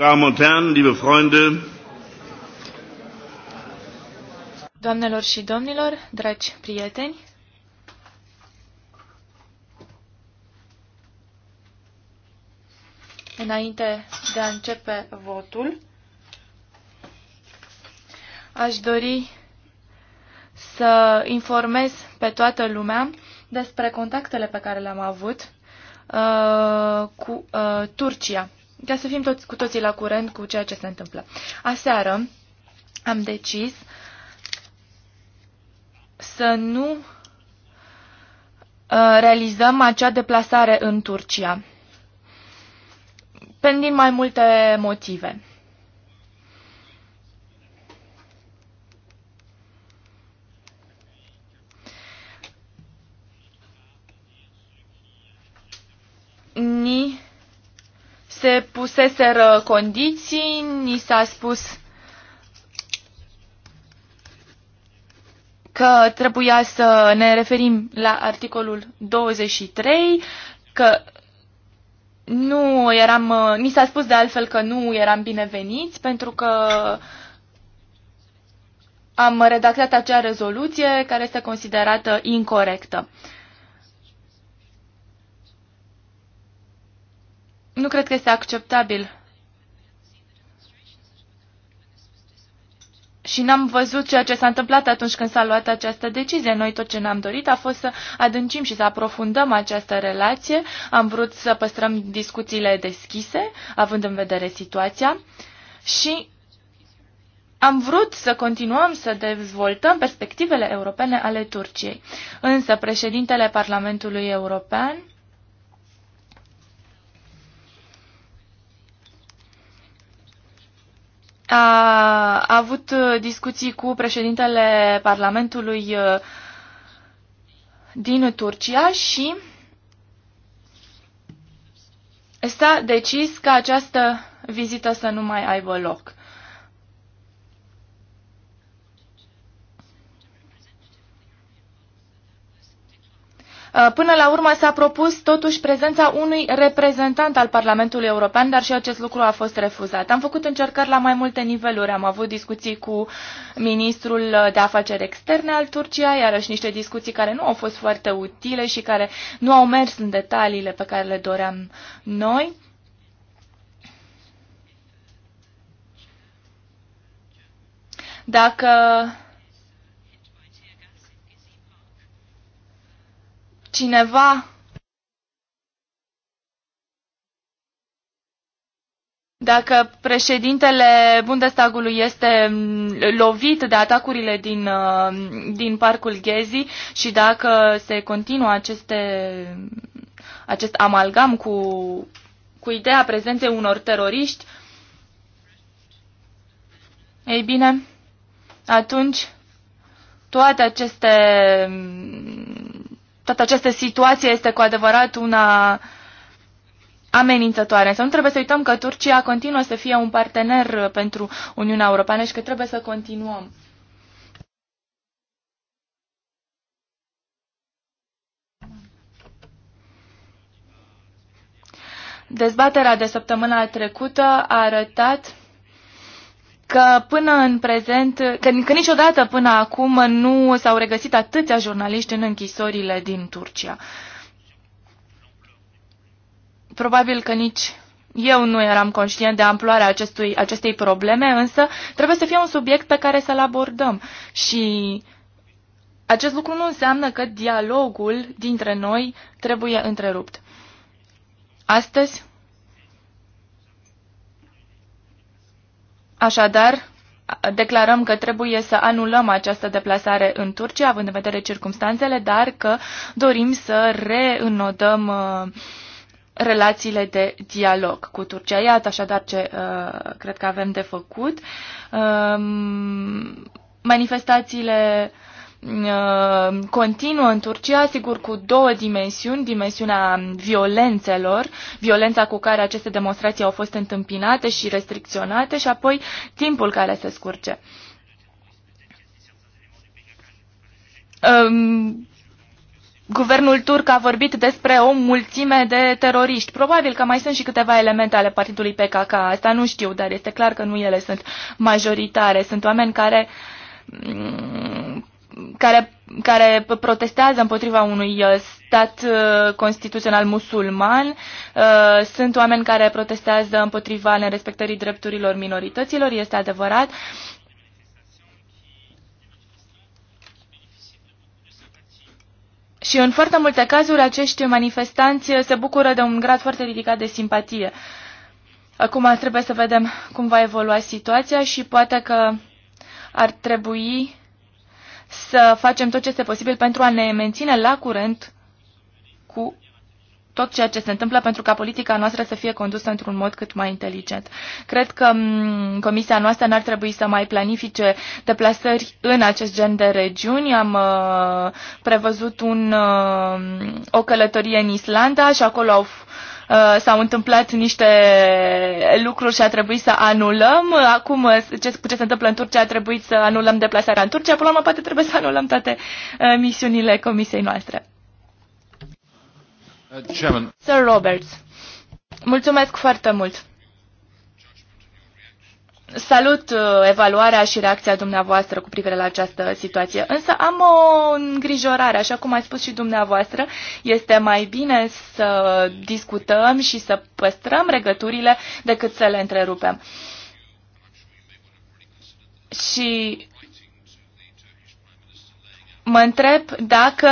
Damen und Herren, liebe Freunde. Doamnelor și domnilor, dragi prieteni, înainte de a începe votul, aș dori să informez pe toată lumea despre contactele pe care le-am avut uh, cu uh, Turcia ca să fim toți, cu toții la curent cu ceea ce se întâmplă. Aseară am decis să nu uh, realizăm acea deplasare în Turcia. Pentru mai multe motive. se puseseră condiții, ni s-a spus că trebuia să ne referim la articolul 23, că nu eram, ni s-a spus de altfel că nu eram bineveniți pentru că am redactat acea rezoluție care este considerată incorrectă. Nu cred că este acceptabil. Și n-am văzut ceea ce s-a întâmplat atunci când s-a luat această decizie. Noi tot ce ne-am dorit a fost să adâncim și să aprofundăm această relație. Am vrut să păstrăm discuțiile deschise, având în vedere situația. Și am vrut să continuăm să dezvoltăm perspectivele europene ale Turciei. Însă președintele Parlamentului European a avut uh, discuții cu președintele Parlamentului uh, din Turcia și s-a decis ca această vizită să nu mai aibă loc. Uh, până la urmă s-a propus totuși prezența unui reprezentant al Parlamentului European, dar și acest lucru a fost refuzat. Am făcut încercări la mai multe niveluri. Am avut discuții cu ministrul de afaceri externe al Turciei, iarăși niște discuții care nu au fost foarte utile și care nu au mers în detaliile pe care le doream noi. Dacă cineva Dacă președintele Bundestagului este mm, lovit de atacurile din, uh, din parcul Ghezi și dacă se continuă aceste, acest amalgam cu, cu ideea prezenței unor teroriști, ei bine, atunci toate aceste mm, toată această situație este cu adevărat una amenințătoare. Să nu trebuie să uităm că Turcia continuă să fie un partener pentru Uniunea Europeană și că trebuie să continuăm. Dezbaterea de săptămâna trecută a arătat că până în prezent, că, că niciodată până acum nu s-au regăsit atâția jurnaliști în închisorile din Turcia. Probabil că nici eu nu eram conștient de amploarea acestui, acestei probleme, însă trebuie să fie un subiect pe care să-l abordăm. Și acest lucru nu înseamnă că dialogul dintre noi trebuie întrerupt. Astăzi Așadar, declarăm că trebuie să anulăm această deplasare în Turcia, având în vedere circumstanțele, dar că dorim să reînodăm uh, relațiile de dialog cu Turcia. Iată așadar ce uh, cred că avem de făcut. Uh, manifestațiile uh, Uh, continuă în Turcia, sigur cu două dimensiuni, dimensiunea violențelor, violența cu care aceste demonstrații au fost întâmpinate și restricționate și apoi timpul care se scurge. Um, Guvernul turc a vorbit despre o mulțime de teroriști. Probabil că mai sunt și câteva elemente ale partidului PKK. Asta nu știu, dar este clar că nu ele sunt majoritare. Sunt oameni care mm, care, care protestează împotriva unui uh, stat uh, constituțional musulman. Uh, sunt oameni care protestează împotriva nerespectării drepturilor minorităților, este adevărat. Și în foarte multe cazuri acești manifestanți se bucură de un grad foarte ridicat de simpatie. Acum trebuie să vedem cum va evolua situația și poate că ar trebui să facem tot ce este posibil pentru a ne menține la curent cu tot ceea ce se întâmplă pentru ca politica noastră să fie condusă într-un mod cât mai inteligent. Cred că mm, comisia noastră n-ar trebui să mai planifice deplasări în acest gen de regiuni. Am uh, prevăzut un, uh, o călătorie în Islanda și acolo au Uh, s-au întâmplat niște lucruri și a trebuit să anulăm. Acum uh, ce, ce se întâmplă în Turcia a trebuit să anulăm deplasarea în Turcia. Până la urmă poate trebuie să anulăm toate uh, misiunile comisiei noastre. Uh, Sir Roberts, mulțumesc foarte mult. Salut uh, evaluarea și reacția dumneavoastră cu privire la această situație, însă am o îngrijorare, așa cum ați spus și dumneavoastră, este mai bine să discutăm și să păstrăm regăturile decât să le întrerupem. Și mă întreb dacă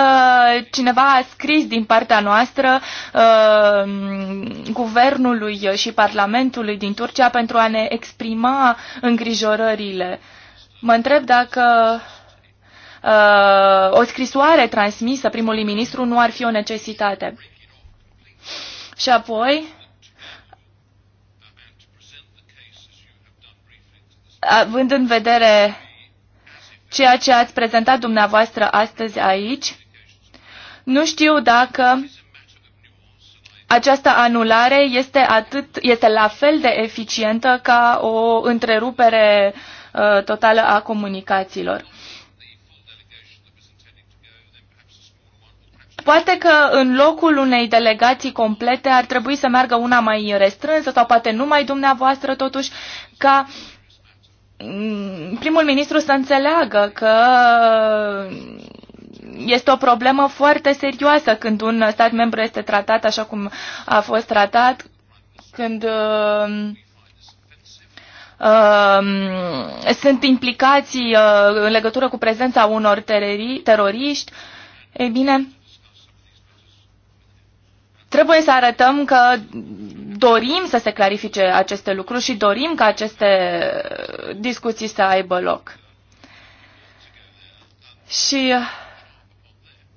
cineva a scris din partea noastră uh, guvernului și parlamentului din Turcia pentru a ne exprima îngrijorările. Mă întreb dacă uh, o scrisoare transmisă primului ministru nu ar fi o necesitate. Și apoi, având în vedere ceea ce ați prezentat dumneavoastră astăzi aici. Nu știu dacă această anulare este, atât, este la fel de eficientă ca o întrerupere uh, totală a comunicațiilor. Poate că în locul unei delegații complete ar trebui să meargă una mai restrânsă sau poate numai dumneavoastră totuși ca uh, Mm, primul ministru să înțeleagă că este o problemă foarte serioasă când un stat membru este tratat așa cum a fost tratat, când uh, uh, sunt implicații uh, în legătură cu prezența unor terori, teroriști. Ei bine, trebuie să arătăm că dorim să se clarifice aceste lucruri și dorim ca aceste discuții să aibă loc. Și uh,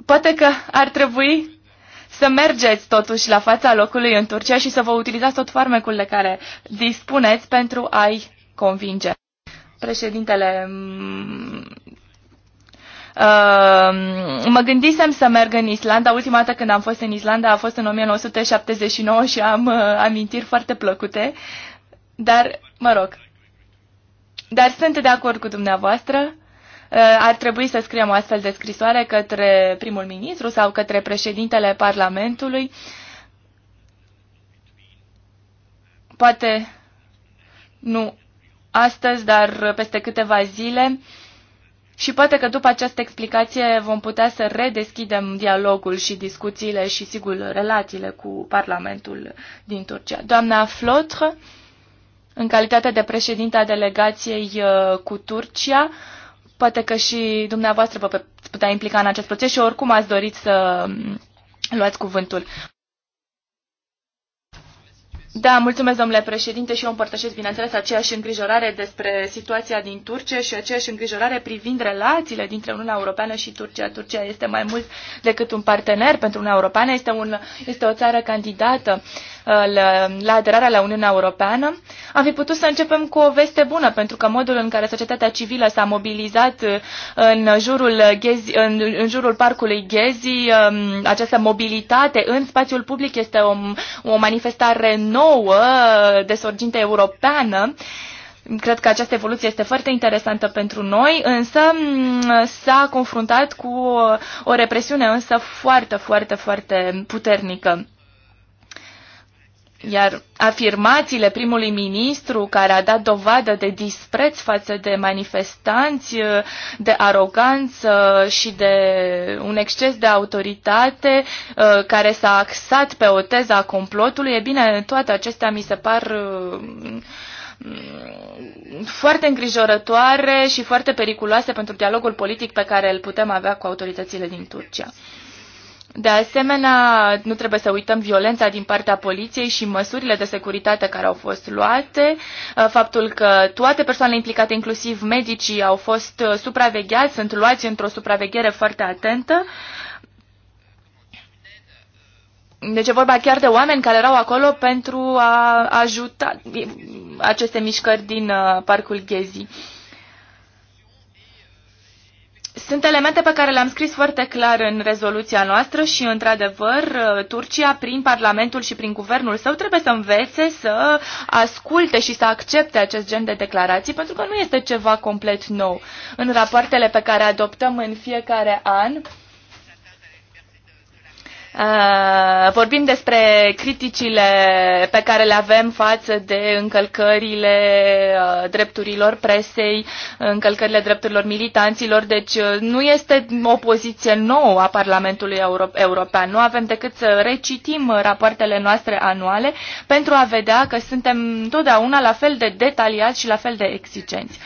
poate că ar trebui să mergeți totuși la fața locului în Turcia și să vă utilizați tot farmecul de care dispuneți pentru a-i convinge. Președintele Ehm, mă gândisem să merg în Islanda. Ultima dată când am fost în Islanda a fost în 1979 și am uh, amintiri foarte plăcute. Dar, mă rog, dar sunt de acord cu dumneavoastră. Uh, ar trebui să scriem o astfel de scrisoare către primul ministru sau către președintele Parlamentului. Poate nu astăzi, dar peste câteva zile și poate că după această explicație vom putea să redeschidem dialogul și discuțiile și, sigur, relațiile cu Parlamentul din Turcia. Doamna Flotre, în calitate de președinte a delegației uh, cu Turcia, poate că și dumneavoastră vă putea implica în acest proces și oricum ați dorit să mm, luați cuvântul. Da, mulțumesc, domnule președinte, și eu împărtășesc, bineînțeles, aceeași îngrijorare despre situația din Turcia și aceeași îngrijorare privind relațiile dintre Uniunea Europeană și Turcia. Turcia este mai mult decât un partener pentru Uniunea Europeană, este, un, este o țară candidată la aderarea la Uniunea Europeană, am fi putut să începem cu o veste bună, pentru că modul în care societatea civilă s-a mobilizat uh, în jurul, Ghezi, în, în jurul parcului Ghezi, um, această mobilitate în spațiul public este o, o manifestare nouă uh, de sorginte europeană. Cred că această evoluție este foarte interesantă pentru noi, însă mm, s-a confruntat cu o represiune însă foarte, foarte, foarte puternică. Iar afirmațiile primului ministru, care a dat dovadă de dispreț față de manifestanți, de aroganță și de un exces de autoritate uh, care s-a axat pe o teză a complotului, e bine, toate acestea mi se par uh, mm, foarte îngrijorătoare și foarte periculoase pentru dialogul politic pe care îl putem avea cu autoritățile din Turcia. De asemenea, nu trebuie să uităm violența din partea poliției și măsurile de securitate care au fost luate, uh, faptul că toate persoanele implicate, inclusiv medicii, au fost uh, supravegheați, sunt luați într-o supraveghere foarte atentă. Deci e vorba chiar de oameni care erau acolo pentru a ajuta aceste mișcări din uh, parcul Ghezii. Sunt elemente pe care le-am scris foarte clar în rezoluția noastră și, într-adevăr, uh, Turcia, prin Parlamentul și prin guvernul său, trebuie să învețe să asculte și să accepte acest gen de declarații, pentru că nu este ceva complet nou. În rapoartele pe care adoptăm în fiecare an, Uh, vorbim despre criticile pe care le avem față de încălcările uh, drepturilor presei, încălcările drepturilor militanților, deci uh, nu este o poziție nouă a Parlamentului European. Nu avem decât să recitim rapoartele noastre anuale pentru a vedea că suntem totdeauna la fel de detaliați și la fel de exigenți.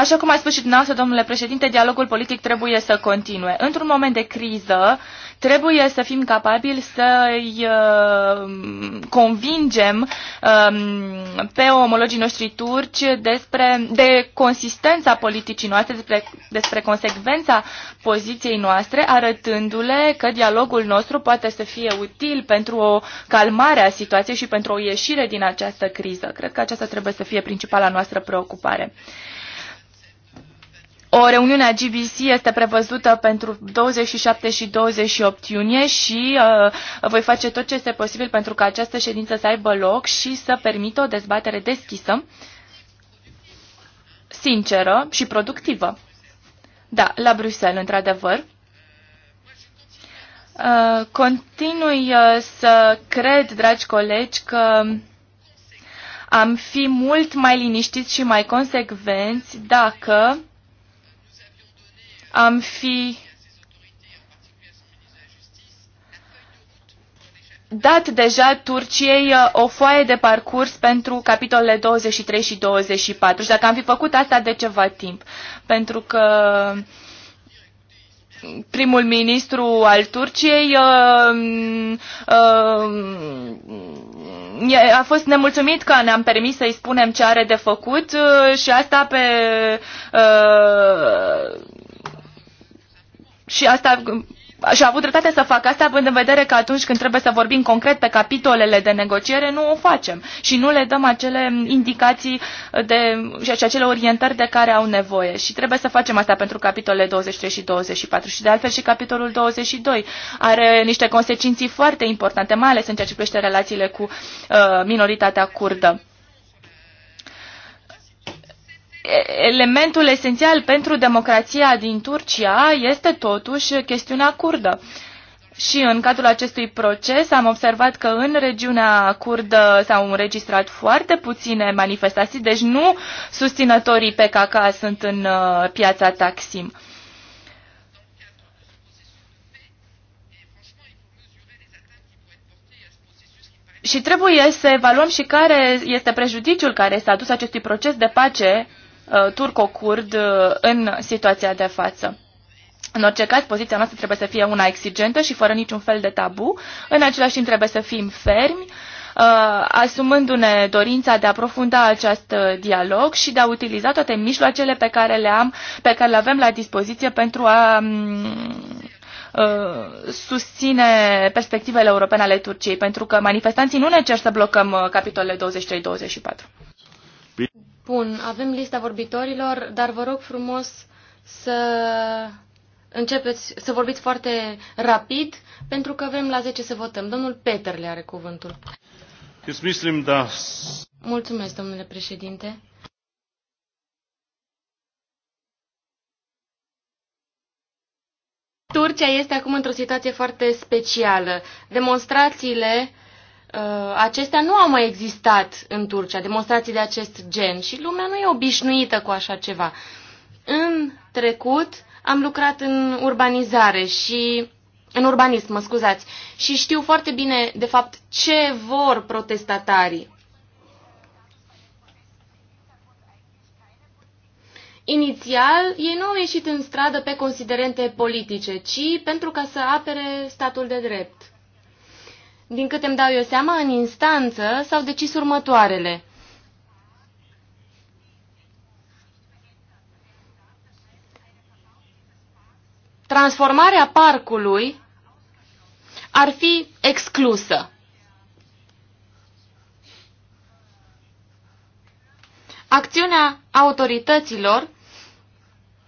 Așa cum a spus și dumneavoastră, domnule președinte, dialogul politic trebuie să continue. Într-un moment de criză, trebuie să fim capabili să-i uh, convingem uh, pe omologii noștri turci despre, de consistența politicii noastre, despre, despre consecvența poziției noastre, arătându-le că dialogul nostru poate să fie util pentru o calmare a situației și pentru o ieșire din această criză. Cred că aceasta trebuie să fie principala noastră preocupare. O reuniune a GBC este prevăzută pentru 27 și 28 iunie și uh, voi face tot ce este posibil pentru ca această ședință să aibă loc și să permită o dezbatere deschisă, sinceră și productivă. Da, la Bruxelles, într-adevăr. Uh, continui uh, să cred, dragi colegi, că am fi mult mai liniștiți și mai consecvenți dacă am fi dat deja Turciei uh, o foaie de parcurs pentru capitolele 23 și 24 și dacă am fi făcut asta de ceva timp, pentru că primul ministru al Turciei uh, uh, a fost nemulțumit că ne-am permis să-i spunem ce are de făcut uh, și asta pe uh, și asta și a avut dreptate să facă asta, având în vedere că atunci când trebuie să vorbim concret pe capitolele de negociere, nu o facem și nu le dăm acele indicații de, și acele orientări de care au nevoie. Și trebuie să facem asta pentru capitolele 23 și 24 și de altfel și capitolul 22 are niște consecinții foarte importante, mai ales în ceea ce privește relațiile cu uh, minoritatea curdă elementul esențial pentru democrația din Turcia este totuși chestiunea curdă. Și în cadrul acestui proces am observat că în regiunea curdă s-au înregistrat foarte puține manifestații, deci nu susținătorii PKK sunt în uh, piața Taksim. Și trebuie să evaluăm și care este prejudiciul care s-a adus acestui proces de pace Uh, turco-curd uh, în situația de față. În orice caz, poziția noastră trebuie să fie una exigentă și fără niciun fel de tabu. În același timp, trebuie să fim fermi, uh, asumându-ne dorința de a profunda acest dialog și de a utiliza toate mijloacele pe care le, am, pe care le avem la dispoziție pentru a mm, susține perspectivele europene ale Turciei, pentru că manifestanții nu ne cer să blocăm capitolele 23-24 spun, avem lista vorbitorilor, dar vă rog frumos să începeți să vorbiți foarte rapid, pentru că avem la 10 să votăm. Domnul Peter le are cuvântul. Da Mulțumesc, domnule președinte. Turcia este acum într-o situație foarte specială. Demonstrațiile Uh, acestea nu au mai existat în Turcia, demonstrații de acest gen și lumea nu e obișnuită cu așa ceva. În trecut am lucrat în urbanizare și în urbanism, mă scuzați, și știu foarte bine, de fapt, ce vor protestatarii. Inițial, ei nu au ieșit în stradă pe considerente politice, ci pentru ca să apere statul de drept. Din câte îmi dau eu seama, în instanță s-au decis următoarele. Transformarea parcului ar fi exclusă. Acțiunea autorităților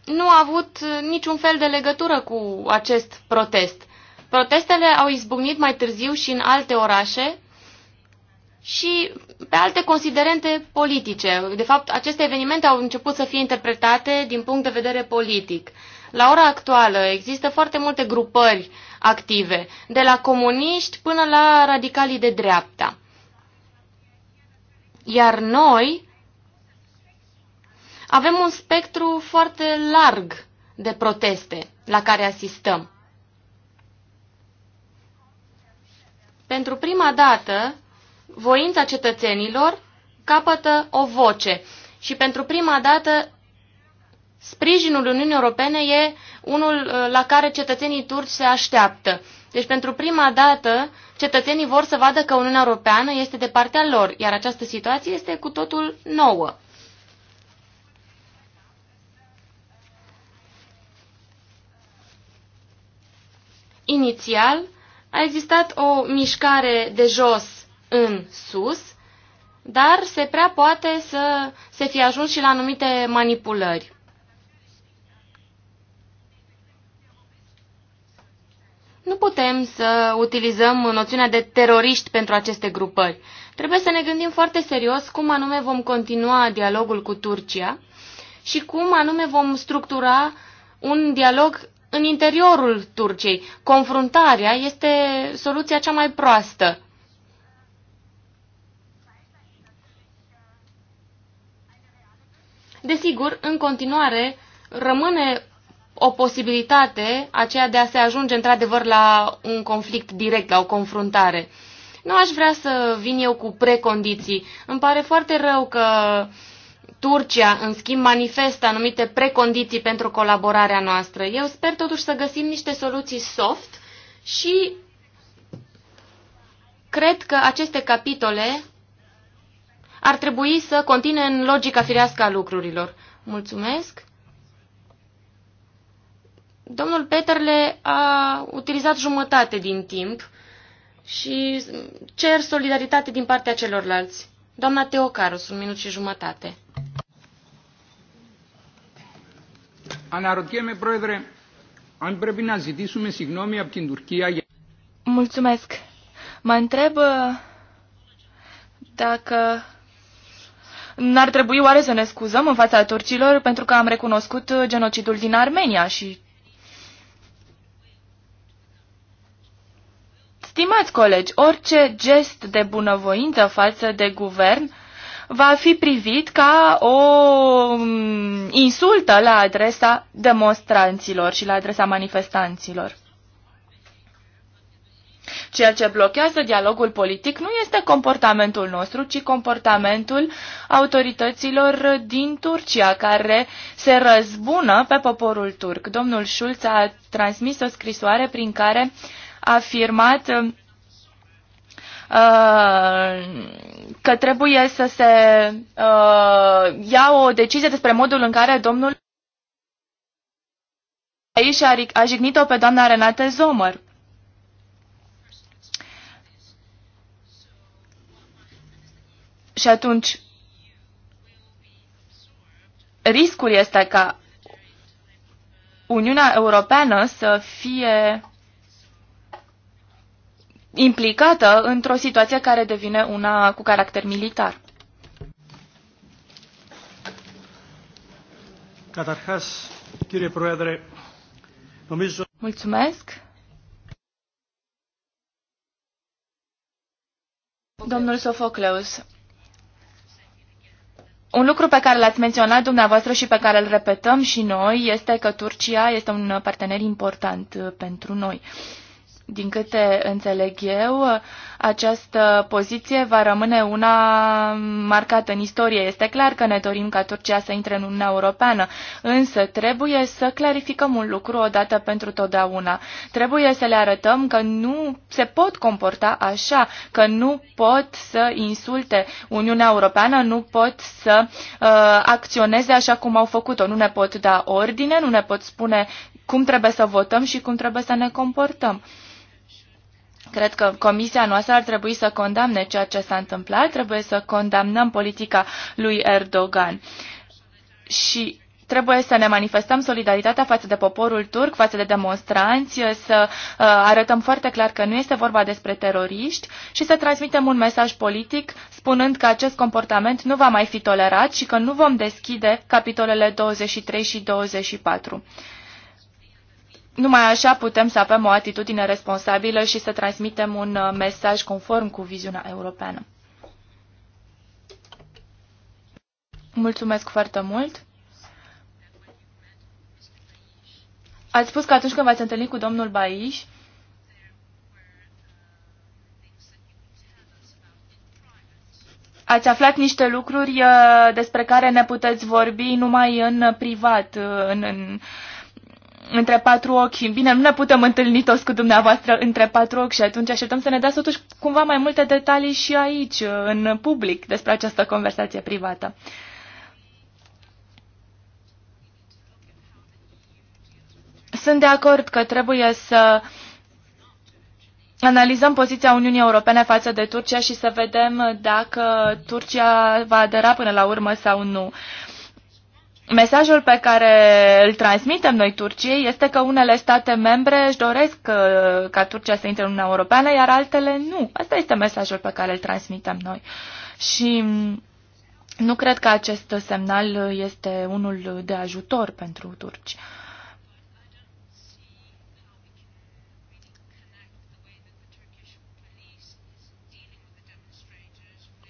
nu a avut niciun fel de legătură cu acest protest. Protestele au izbucnit mai târziu și în alte orașe și pe alte considerente politice. De fapt, aceste evenimente au început să fie interpretate din punct de vedere politic. La ora actuală există foarte multe grupări active, de la comuniști până la radicalii de dreapta. Iar noi avem un spectru foarte larg de proteste la care asistăm. pentru prima dată, voința cetățenilor capătă o voce și pentru prima dată sprijinul Uniunii Europene e unul uh, la care cetățenii turci se așteaptă. Deci pentru prima dată cetățenii vor să vadă că Uniunea Europeană este de partea lor, iar această situație este cu totul nouă. Inițial, a existat o mișcare de jos în sus, dar se prea poate să se fi ajuns și la anumite manipulări. Nu putem să utilizăm noțiunea de teroriști pentru aceste grupări. Trebuie să ne gândim foarte serios cum anume vom continua dialogul cu Turcia și cum anume vom structura un dialog în interiorul Turciei. Confruntarea este soluția cea mai proastă. Desigur, în continuare, rămâne o posibilitate aceea de a se ajunge într-adevăr la un conflict direct, la o confruntare. Nu aș vrea să vin eu cu precondiții. Îmi pare foarte rău că uh, Turcia, în schimb, manifestă anumite precondiții pentru colaborarea noastră. Eu sper totuși să găsim niște soluții soft și cred că aceste capitole ar trebui să continue în logica firească a lucrurilor. Mulțumesc! Domnul Peterle a utilizat jumătate din timp și cer solidaritate din partea celorlalți. Doamna Teocarus, un minut și jumătate. Αναρωτιέμαι, Πρόεδρε, αν πρέπει να ζητήσουμε συγγνώμη από την Τουρκία για... Mulțumesc. Mă întreb dacă n-ar trebui oare să ne scuzăm în fața turcilor pentru că am recunoscut genocidul din Armenia și... Stimați colegi, orice gest de bunăvoință față de guvern va fi privit ca o mm, insultă la adresa demonstranților și la adresa manifestanților. Ceea ce blochează dialogul politic nu este comportamentul nostru, ci comportamentul autorităților din Turcia, care se răzbună pe poporul turc. Domnul Schulz a transmis o scrisoare prin care a afirmat Uh, că trebuie să se uh, ia o decizie despre modul în care domnul aici a jignit-o pe doamna Renate Zomăr. Și atunci, riscul este ca Uniunea Europeană să fie implicată într-o situație care devine una cu caracter militar. Mulțumesc. Domnul Sofocleus, un lucru pe care l-ați menționat dumneavoastră și pe care îl repetăm și noi este că Turcia este un partener important uh, pentru noi. Din câte înțeleg eu, această poziție va rămâne una marcată în istorie. Este clar că ne dorim ca Turcia să intre în Uniunea Europeană, însă trebuie să clarificăm un lucru odată pentru totdeauna. Trebuie să le arătăm că nu se pot comporta așa, că nu pot să insulte Uniunea Europeană, nu pot să uh, acționeze așa cum au făcut-o. Nu ne pot da ordine, nu ne pot spune cum trebuie să votăm și cum trebuie să ne comportăm. Cred că comisia noastră ar trebui să condamne ceea ce s-a întâmplat, trebuie să condamnăm politica lui Erdogan. Și trebuie să ne manifestăm solidaritatea față de poporul turc, față de demonstranți, să uh, arătăm foarte clar că nu este vorba despre teroriști și să transmitem un mesaj politic spunând că acest comportament nu va mai fi tolerat și că nu vom deschide capitolele 23 și 24. Numai așa putem să avem o atitudine responsabilă și să transmitem un uh, mesaj conform cu viziunea europeană. Mulțumesc foarte mult! Ați spus că atunci când v-ați întâlnit cu domnul Baiș, ați aflat niște lucruri uh, despre care ne puteți vorbi numai în privat, uh, în, în între patru ochi. Bine, nu ne putem întâlni toți cu dumneavoastră între patru ochi și atunci așteptăm să ne dați totuși cumva mai multe detalii și aici, în public, despre această conversație privată. Sunt de acord că trebuie să analizăm poziția Uniunii Europene față de Turcia și să vedem dacă Turcia va adera până la urmă sau nu. Uh, Mesajul pe care îl transmitem noi Turciei este că unele state membre își doresc uh, ca Turcia să intre în Uniunea Europeană, iar altele nu. Asta este mesajul pe care îl transmitem noi. Și mm, nu cred că acest semnal este unul de ajutor pentru turci.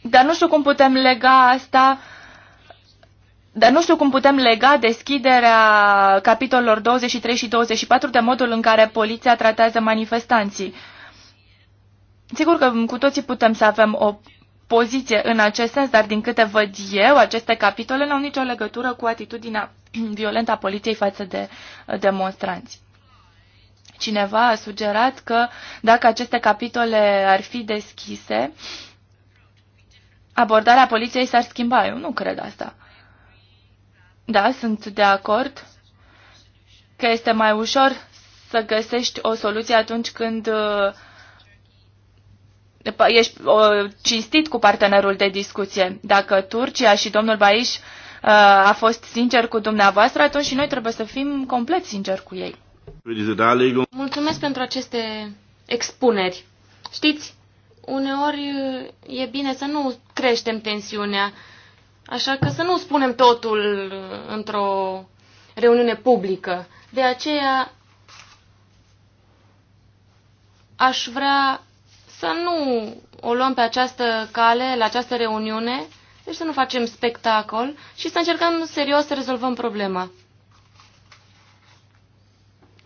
Dar nu știu cum putem lega asta uh, dar nu știu cum putem lega deschiderea capitolelor 23 și 24 de modul în care poliția tratează manifestanții. Sigur că cu toții putem să avem o poziție în acest sens, dar din câte văd eu, aceste capitole nu au nicio legătură cu atitudinea violentă a poliției față de demonstranți. Cineva a sugerat că dacă aceste capitole ar fi deschise, abordarea poliției s-ar schimba. Eu nu cred asta. Da, sunt de acord că este mai ușor să găsești o soluție atunci când uh, ești cinstit cu partenerul de discuție. Dacă Turcia și domnul Baiș uh, a fost sincer cu dumneavoastră, atunci și noi trebuie să fim complet sinceri cu ei. Mulțumesc pentru aceste expuneri. Știți, uneori uh, e bine să nu creștem tensiunea, Așa că să nu spunem totul uh, într-o reuniune publică. De aceea aș vrea să nu o luăm pe această cale, la această reuniune, deci să nu facem spectacol și să încercăm serios să rezolvăm problema.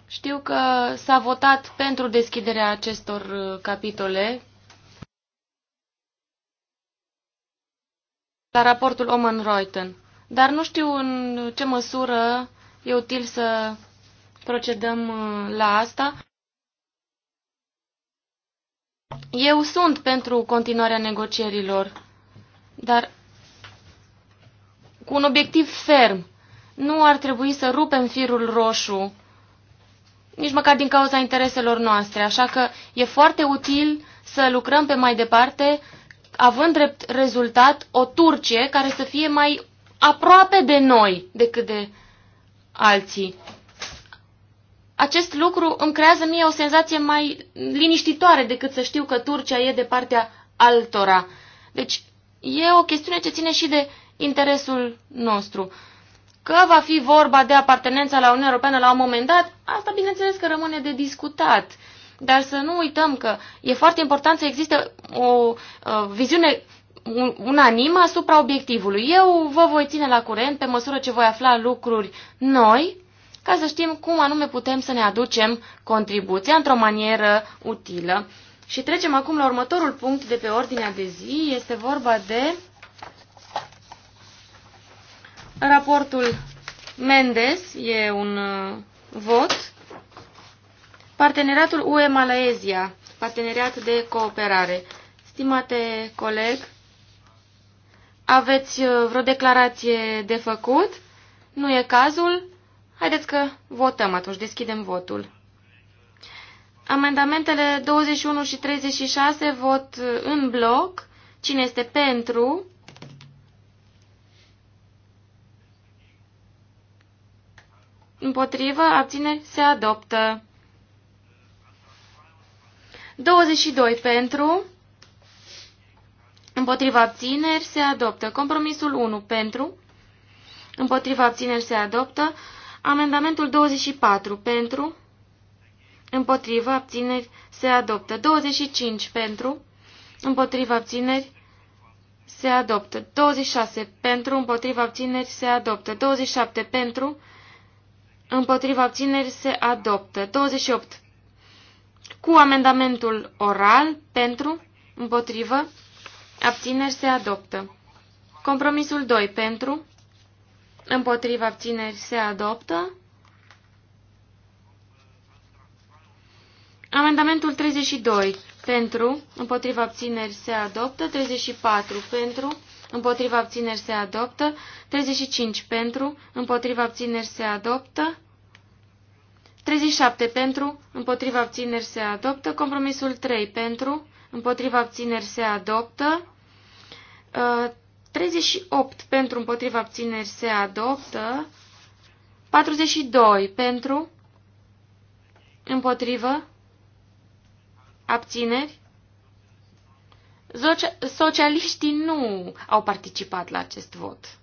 Știu că s-a votat pentru deschiderea acestor uh, capitole la raportul Oman Reuten, dar nu știu în ce măsură e util să procedăm uh, la asta. Eu sunt pentru continuarea negocierilor, dar cu un obiectiv ferm. Nu ar trebui să rupem firul roșu, nici măcar din cauza intereselor noastre, așa că e foarte util să lucrăm pe mai departe având drept rezultat o Turcie care să fie mai aproape de noi decât de alții. Acest lucru îmi creează mie o senzație mai liniștitoare decât să știu că Turcia e de partea altora. Deci e o chestiune ce ține și de interesul nostru. Că va fi vorba de apartenența la Uniunea Europeană la un moment dat, asta bineînțeles că rămâne de discutat dar să nu uităm că e foarte important să existe o uh, viziune unanimă asupra obiectivului. Eu vă voi ține la curent pe măsură ce voi afla lucruri noi, ca să știm cum anume putem să ne aducem contribuția într-o manieră utilă. Și trecem acum la următorul punct de pe ordinea de zi. Este vorba de raportul Mendes. E un uh, vot Parteneriatul UE Malaezia, parteneriat de cooperare. Stimate coleg, aveți uh, vreo declarație de făcut? Nu e cazul? Haideți că votăm atunci, deschidem votul. Amendamentele 21 și 36 vot uh, în bloc. Cine este pentru? Împotrivă, abține, se adoptă. 22 pentru, împotriva abțineri se adoptă. Compromisul 1 pentru, împotriva abțineri se adoptă. Amendamentul 24 pentru, împotriva abțineri se adoptă. 25 pentru, împotriva abțineri se adoptă. 26 pentru, împotriva abțineri se adoptă. 27 pentru, împotriva abțineri se adoptă. 28 cu amendamentul oral pentru, împotrivă, abțineri se adoptă. Compromisul 2 pentru, împotrivă, abțineri se adoptă. Amendamentul 32 pentru, împotriva abțineri se adoptă, 34 pentru, împotriva abțineri se adoptă, 35 pentru, împotriva abțineri se adoptă, 37 pentru, împotriva abțineri se adoptă. Compromisul 3 pentru, împotriva abțineri se adoptă. 38 uh, pentru, împotriva abțineri se adoptă. 42 pentru, împotrivă, abțineri. Socialiștii nu au participat la acest vot.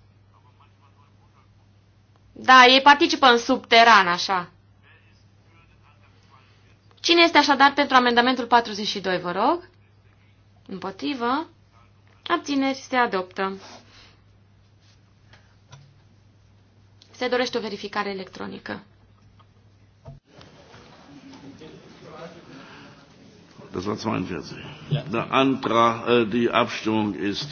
Da, ei participă în subteran, așa. Cine este așadar pentru amendamentul 42, vă rog? Împotrivă. Abțineri se adoptă. Se dorește o verificare electronică. Das war 42. Ja. Der Antrag, äh, die Abstimmung ist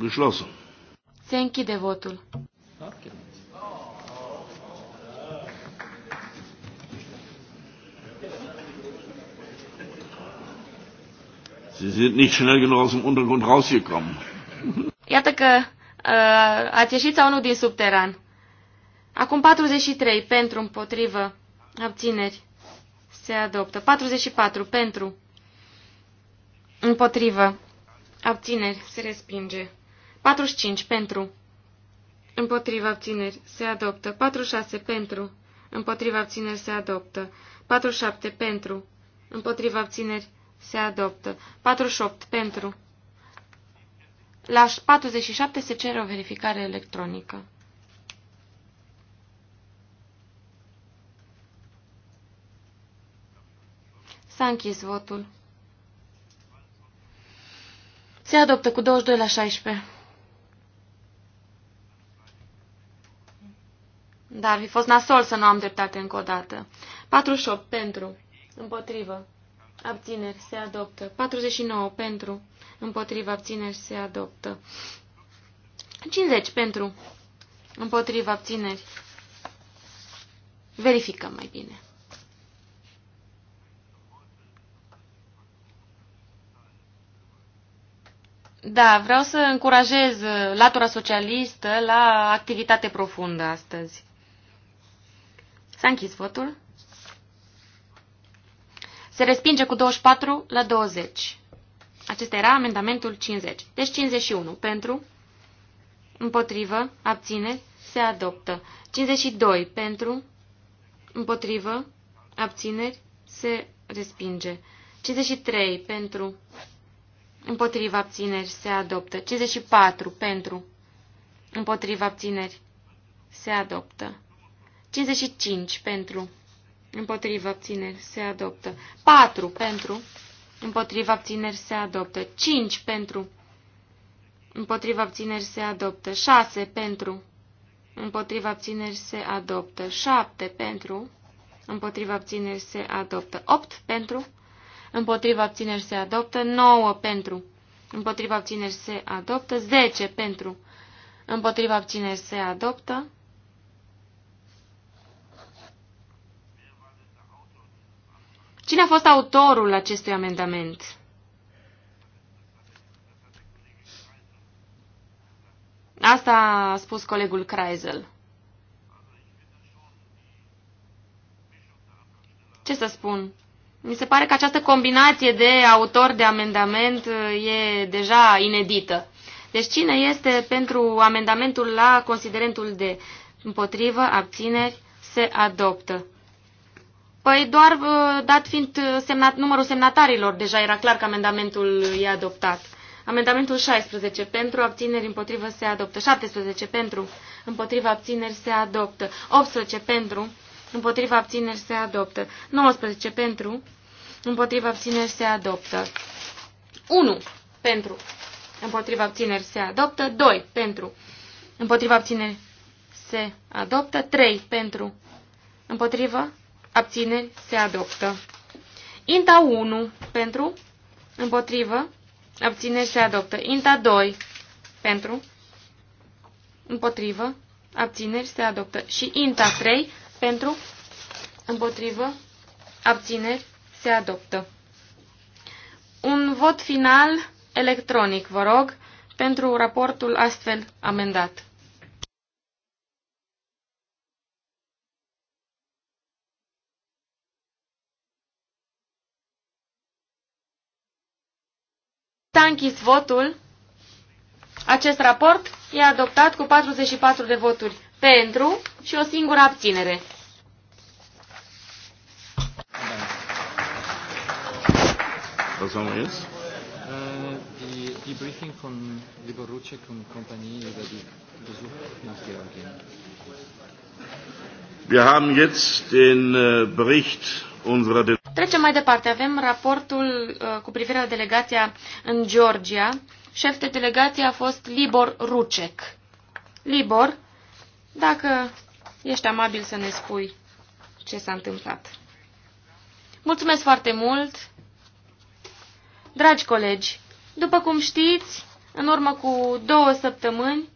geschlossen. Se închide votul. Sie sind nicht schnell genug aus dem Untergrund rausgekommen. Iată că uh, ați ieșit sau nu din subteran. Acum 43 pentru împotrivă abțineri se adoptă. 44 pentru împotrivă abțineri se respinge. 45 pentru împotrivă abțineri se adoptă. 46 pentru împotrivă abțineri se adoptă. 47 pentru împotrivă abțineri se se adoptă. 48 pentru. La 47 se cere o verificare electronică. S-a închis votul. Se adoptă cu 22 la 16. Dar ar fi fost nasol să nu am dreptate încă o dată. 48 pentru. Împotrivă abțineri se adoptă. 49 pentru, împotriva abțineri se adoptă. 50 pentru, împotriva abțineri. Verificăm mai bine. Da, vreau să încurajez uh, latura socialistă la activitate profundă astăzi. S-a închis votul. Se respinge cu 24 la 20. Acesta era amendamentul 50. Deci 51 pentru, împotrivă, abțineri, se adoptă. 52 pentru, împotrivă, abțineri, se respinge. 53 pentru, împotriva abțineri, se adoptă. 54 pentru, împotriva abțineri, se adoptă. 55 pentru, împotriva abțineri se adoptă. 4 pentru, împotriva abțineri se adoptă. 5 pentru, împotriva abțineri se adoptă. 6 pentru, împotriva abțineri se adoptă. 7 pentru, împotriva abțineri se adoptă. 8 pentru, împotriva abțineri se adoptă. 9 pentru, împotriva abțineri se adoptă. 10 pentru, împotriva abțineri se adoptă. Cine a fost autorul acestui amendament? Asta a spus colegul Kreisel. Ce să spun? Mi se pare că această combinație de autor de amendament uh, e deja inedită. Deci cine este pentru amendamentul la considerentul de împotrivă, abțineri, se adoptă. Păi doar uh, dat fiind uh, semnat, numărul semnatarilor, deja era clar că amendamentul e adoptat. Amendamentul 16 pentru, abțineri împotrivă se adoptă. 17 pentru, împotriva abțineri se adoptă. 18 pentru, împotriva abțineri se adoptă. 19 pentru, împotriva abțineri se adoptă. 1 pentru, împotriva abțineri se adoptă. 2 pentru, împotriva abțineri se adoptă. 3 pentru, împotriva abțineri, se adoptă. Inta 1 pentru, împotrivă, abțineri, se adoptă. Inta 2 pentru, împotrivă, abțineri, se adoptă. Și Inta 3 pentru, împotrivă, abțineri, se adoptă. Un vot final electronic, vă rog, pentru raportul astfel amendat. S-a închis votul. Acest raport e adoptat cu 44 de voturi pentru și o singură abținere. Uh, Wir haben jetzt den äh, Bericht Trecem mai departe. Avem raportul uh, cu privire la delegația în Georgia. Șef de delegație a fost Libor Rucek. Libor, dacă ești amabil să ne spui ce s-a întâmplat. Mulțumesc foarte mult! Dragi colegi, după cum știți, în urmă cu două săptămâni,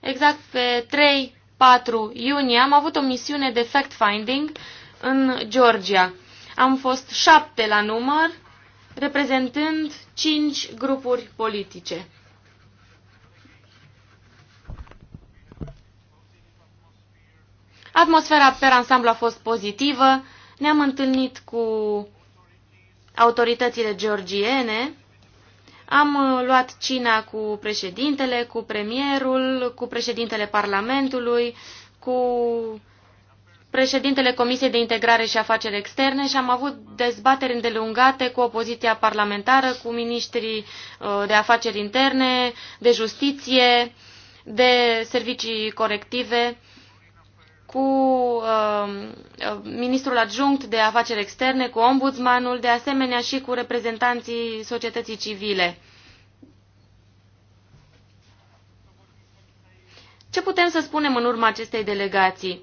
exact pe 3-4 iunie, am avut o misiune de fact-finding în Georgia. Am fost șapte la număr, reprezentând cinci grupuri politice. Atmosfera pe ansamblu a fost pozitivă, ne-am întâlnit cu autoritățile georgiene, am uh, luat cina cu președintele, cu premierul, cu președintele Parlamentului, cu președintele Comisiei de Integrare și Afaceri Externe și am avut dezbateri îndelungate cu opoziția parlamentară, cu ministrii uh, de afaceri interne, de justiție, de servicii corective, cu uh, ministrul adjunct de afaceri externe, cu ombudsmanul, de asemenea și cu reprezentanții societății civile. Ce putem să spunem în urma acestei delegații?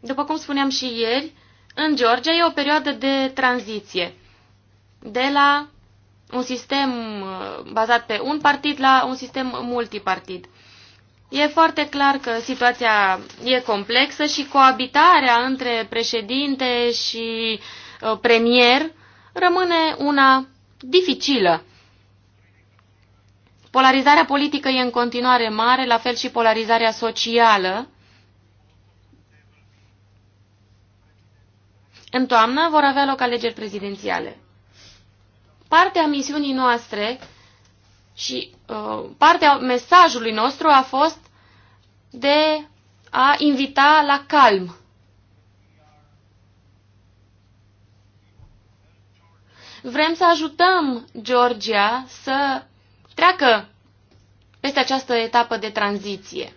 După cum spuneam și ieri, în Georgia e o perioadă de tranziție de la un sistem uh, bazat pe un partid la un sistem multipartid. E foarte clar că situația e complexă și coabitarea între președinte și uh, premier rămâne una dificilă. Polarizarea politică e în continuare mare, la fel și polarizarea socială, În toamnă vor avea loc alegeri prezidențiale. Partea misiunii noastre și uh, partea mesajului nostru a fost de a invita la calm. Vrem să ajutăm Georgia să treacă peste această etapă de tranziție.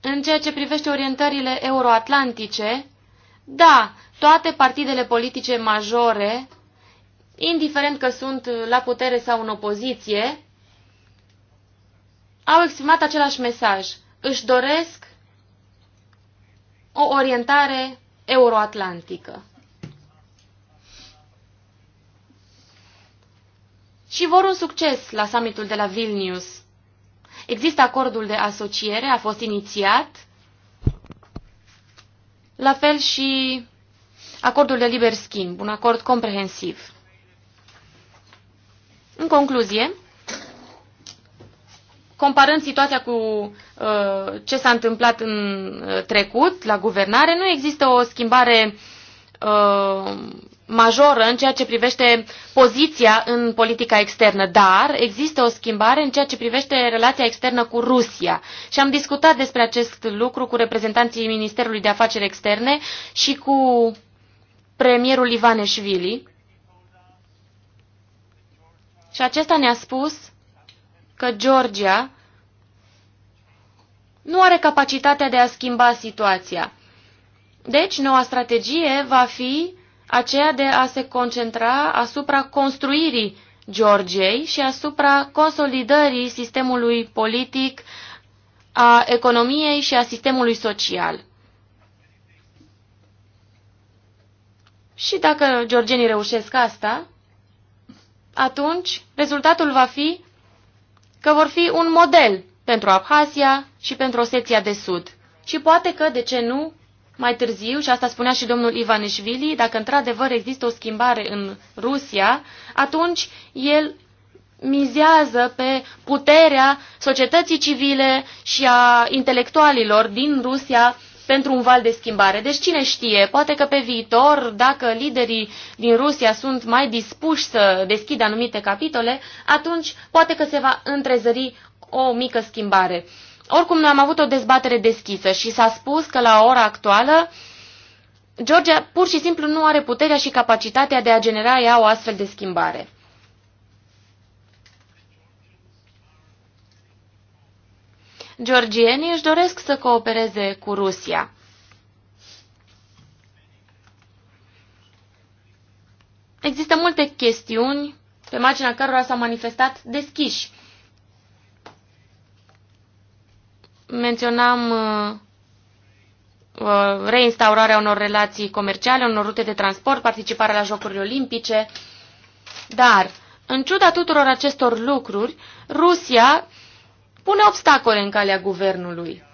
În ceea ce privește orientările euroatlantice, da, toate partidele politice majore, indiferent că sunt la putere sau în opoziție, au exprimat același mesaj. Își doresc o orientare euroatlantică. Și vor un succes la summitul de la Vilnius. Există acordul de asociere, a fost inițiat, la fel și acordul de liber schimb, un acord comprehensiv. În concluzie, comparând situația cu uh, ce s-a întâmplat în uh, trecut la guvernare, nu există o schimbare uh, majoră în ceea ce privește poziția în politica externă, dar există o schimbare în ceea ce privește relația externă cu Rusia. Și am discutat despre acest lucru cu reprezentanții Ministerului de Afaceri Externe și cu premierul Ivaneșvili. Și acesta ne-a spus că Georgia nu are capacitatea de a schimba situația. Deci, noua strategie va fi aceea de a se concentra asupra construirii Georgiei și asupra consolidării sistemului politic, a economiei și a sistemului social. Și dacă georgenii reușesc asta, atunci rezultatul va fi că vor fi un model pentru Abhazia și pentru Oseția de Sud. Și poate că, de ce nu, mai târziu, și asta spunea și domnul Ivanișvili, dacă într-adevăr există o schimbare în Rusia, atunci el mizează pe puterea societății civile și a intelectualilor din Rusia pentru un val de schimbare. Deci cine știe, poate că pe viitor, dacă liderii din Rusia sunt mai dispuși să deschidă anumite capitole, atunci poate că se va întrezări o mică schimbare. Oricum, noi am avut o dezbatere deschisă și s-a spus că la ora actuală Georgia pur și simplu nu are puterea și capacitatea de a genera ea o astfel de schimbare. Georgienii își doresc să coopereze cu Rusia. Există multe chestiuni pe marginea cărora s-au manifestat deschiși menționam uh, uh, reinstaurarea unor relații comerciale, unor rute de transport, participarea la Jocurile Olimpice, dar, în ciuda tuturor acestor lucruri, Rusia pune obstacole în calea guvernului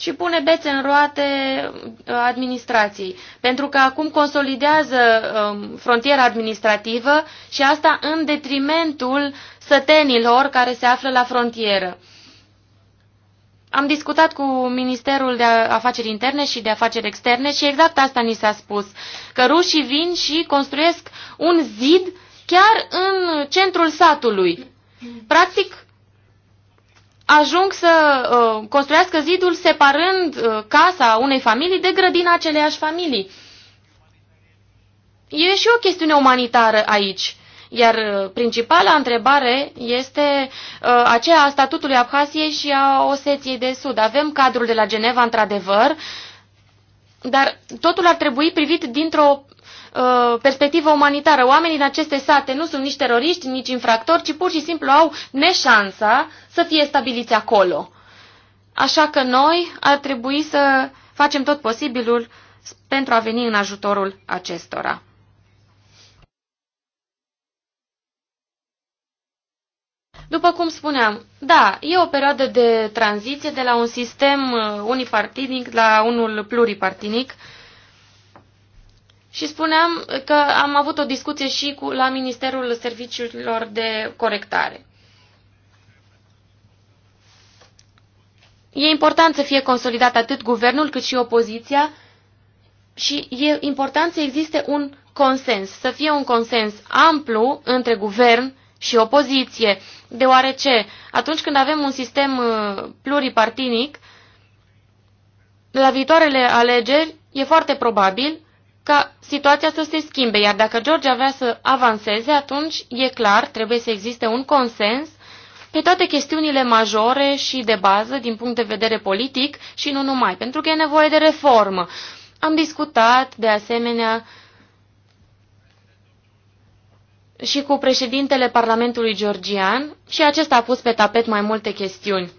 și pune bețe în roate uh, administrației, pentru că acum consolidează um, frontiera administrativă și asta în detrimentul sătenilor care se află la frontieră. Am discutat cu Ministerul de Afaceri Interne și de Afaceri Externe și exact asta ni s-a spus, că rușii vin și construiesc un zid chiar în centrul satului. Practic, ajung să uh, construiască zidul separând uh, casa unei familii de grădina aceleiași familii. E și o chestiune umanitară aici. Iar uh, principala întrebare este uh, aceea a statutului Abhaziei și a Oseției de Sud. Avem cadrul de la Geneva, într-adevăr, dar totul ar trebui privit dintr-o uh, perspectivă umanitară. Oamenii din aceste sate nu sunt nici teroriști, nici infractori, ci pur și simplu au neșansa să fie stabiliți acolo. Așa că noi ar trebui să facem tot posibilul pentru a veni în ajutorul acestora. După cum spuneam, da, e o perioadă de tranziție de la un sistem uh, unipartinic la unul pluripartinic. Și spuneam că am avut o discuție și cu, la Ministerul Serviciilor de Corectare. E important să fie consolidat atât guvernul cât și opoziția și e important să existe un consens, să fie un consens amplu între guvern și opoziție, deoarece atunci când avem un sistem uh, pluripartinic, la viitoarele alegeri e foarte probabil ca situația să se schimbe, iar dacă Georgia vrea să avanseze, atunci e clar, trebuie să existe un consens pe toate chestiunile majore și de bază din punct de vedere politic și nu numai, pentru că e nevoie de reformă. Am discutat, de asemenea, și cu președintele Parlamentului Georgian și acesta a pus pe tapet mai multe chestiuni.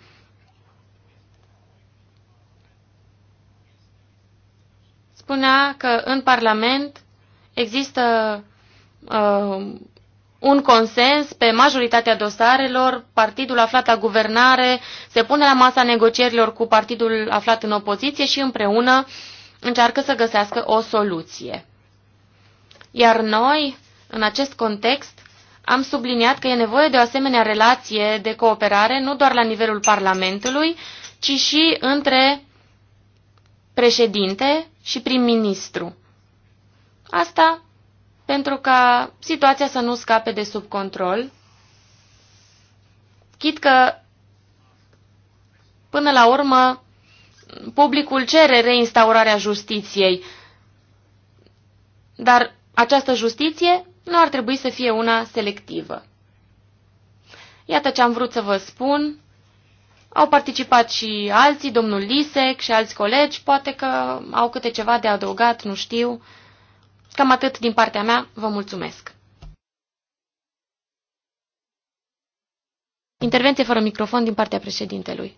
Spunea că în Parlament există uh, un consens pe majoritatea dosarelor, partidul aflat la guvernare se pune la masa negocierilor cu partidul aflat în opoziție și împreună încearcă să găsească o soluție. Iar noi, în acest context, am subliniat că e nevoie de o asemenea relație de cooperare nu doar la nivelul Parlamentului, ci și între președinte și prim-ministru. Asta pentru ca situația să nu scape de sub control, chit că până la urmă publicul cere reinstaurarea justiției, dar această justiție nu ar trebui să fie una selectivă. Iată ce am vrut să vă spun. Au participat și alții, domnul Lisec și alți colegi, poate că au câte ceva de adăugat, nu știu. Cam atât din partea mea, vă mulțumesc. Intervenție fără microfon din partea președintelui.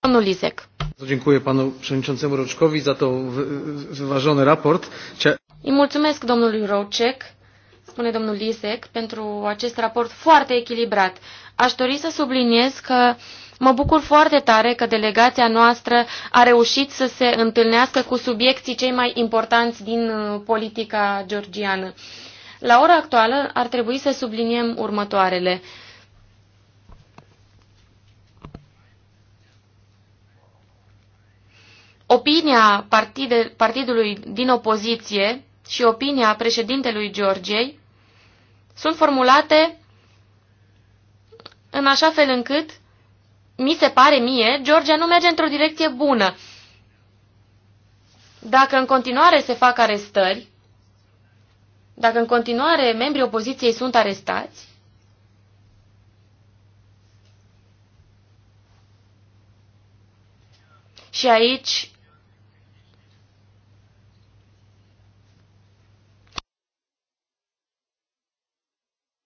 Domnul Lisec. Dziękuję panu przewodniczącemu Roczkowi za to wyważony raport. Îi mulțumesc domnului Roucek, spune domnul Lisek, pentru acest raport foarte echilibrat. Aș dori să subliniez că mă bucur foarte tare că delegația noastră a reușit să se întâlnească cu subiecții cei mai importanți din uh, politica georgiană. La ora actuală ar trebui să subliniem următoarele. Opinia partide, partidului din opoziție și opinia președintelui Georgiei sunt formulate în așa fel încât, mi se pare mie, Georgia nu merge într-o direcție bună. Dacă în continuare se fac arestări, dacă în continuare membrii opoziției sunt arestați, și aici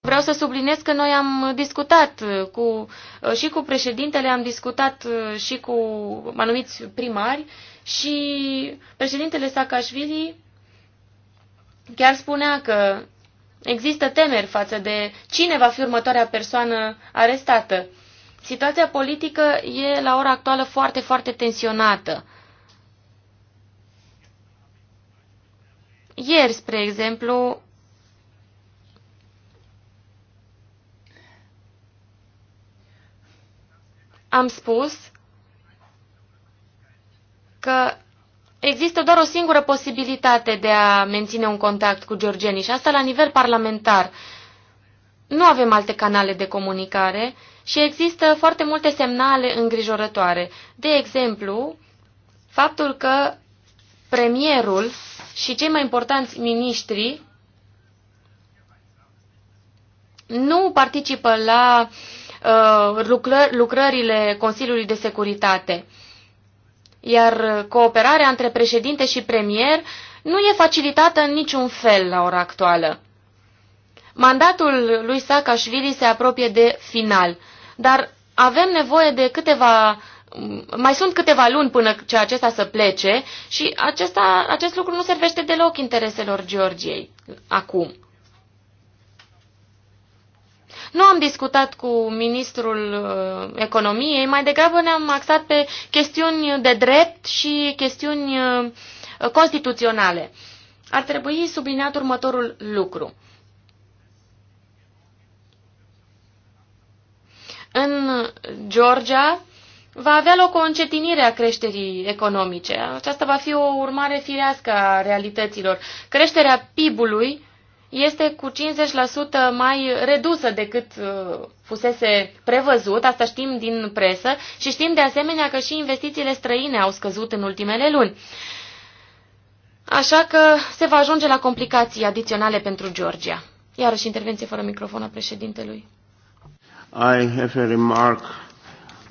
Vreau să subliniez că noi am discutat cu, și cu președintele, am discutat și cu anumiți primari și președintele Saakashvili chiar spunea că există temeri față de cine va fi următoarea persoană arestată. Situația politică e la ora actuală foarte, foarte tensionată. Ieri, spre exemplu, am spus că există doar o singură posibilitate de a menține un contact cu georgenii și asta la nivel parlamentar. Nu avem alte canale de comunicare și există foarte multe semnale îngrijorătoare. De exemplu, faptul că premierul și cei mai importanți miniștri nu participă la uh, Uh, lucrările Consiliului de Securitate. Iar cooperarea între președinte și premier nu e facilitată în niciun fel la ora actuală. Mandatul lui Saakashvili se apropie de final, dar avem nevoie de câteva mai sunt câteva luni până ce acesta să plece și acesta, acest lucru nu servește deloc intereselor Georgiei acum. Nu am discutat cu ministrul uh, economiei, mai degrabă ne-am axat pe chestiuni de drept și chestiuni uh, constituționale. Ar trebui subliniat următorul lucru. În Georgia, va avea loc o încetinire a creșterii economice. Aceasta va fi o urmare firească a realităților. Creșterea PIB-ului este cu 50% mai redusă decât uh, fusese prevăzut, asta știm din presă, și știm de asemenea că și investițiile străine au scăzut în ultimele luni. Așa că se va ajunge la complicații adiționale pentru Georgia. Iarăși intervenție fără microfon a președintelui. I have a remark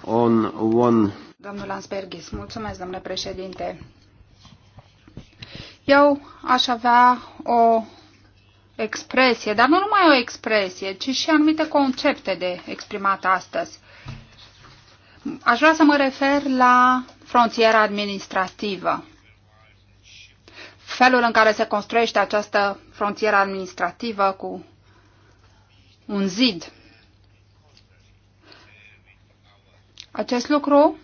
on one... Domnul Ansbergis, mulțumesc, domnule președinte. Eu aș avea o expresie, dar nu numai o expresie, ci și anumite concepte de exprimat astăzi. Aș vrea să mă refer la frontiera administrativă. Felul în care se construiește această frontieră administrativă cu un zid. Acest lucru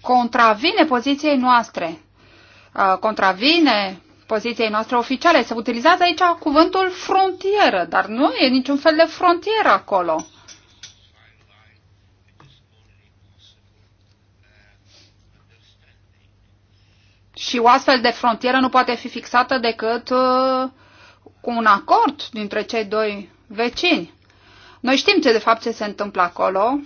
contravine poziției noastre, uh, contravine poziției noastre oficiale. Se utilizează aici cuvântul frontieră, dar nu e niciun fel de frontieră acolo. Și o astfel de frontieră nu poate fi fixată decât uh, cu un acord dintre cei doi vecini. Noi știm ce de fapt ce se întâmplă acolo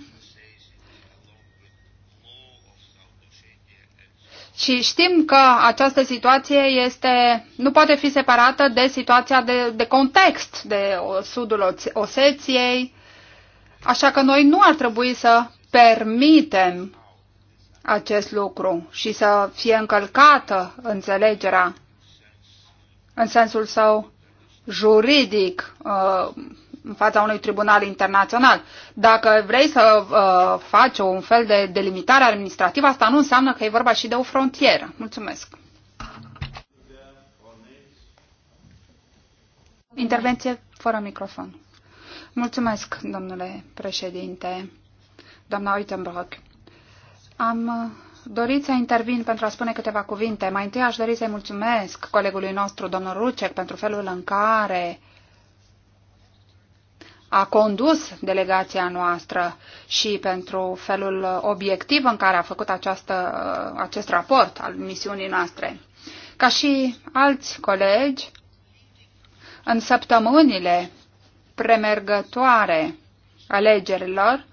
Și știm că această situație este, nu poate fi separată de situația de, de context, de sudul Oseției, așa că noi nu ar trebui să permitem acest lucru și să fie încălcată înțelegerea în sensul său juridic uh, în fața unui tribunal internațional. Dacă vrei să uh, faci un fel de delimitare administrativă, asta nu înseamnă că e vorba și de o frontieră. Mulțumesc. Intervenție fără microfon. Mulțumesc, domnule președinte, doamna Uitenbrock. Am uh, dorit să intervin pentru a spune câteva cuvinte. Mai întâi aș dori să-i mulțumesc colegului nostru, domnul Rucec, pentru felul în care a condus delegația noastră și pentru felul obiectiv în care a făcut această, acest raport al misiunii noastre. Ca și alți colegi, în săptămânile premergătoare alegerilor,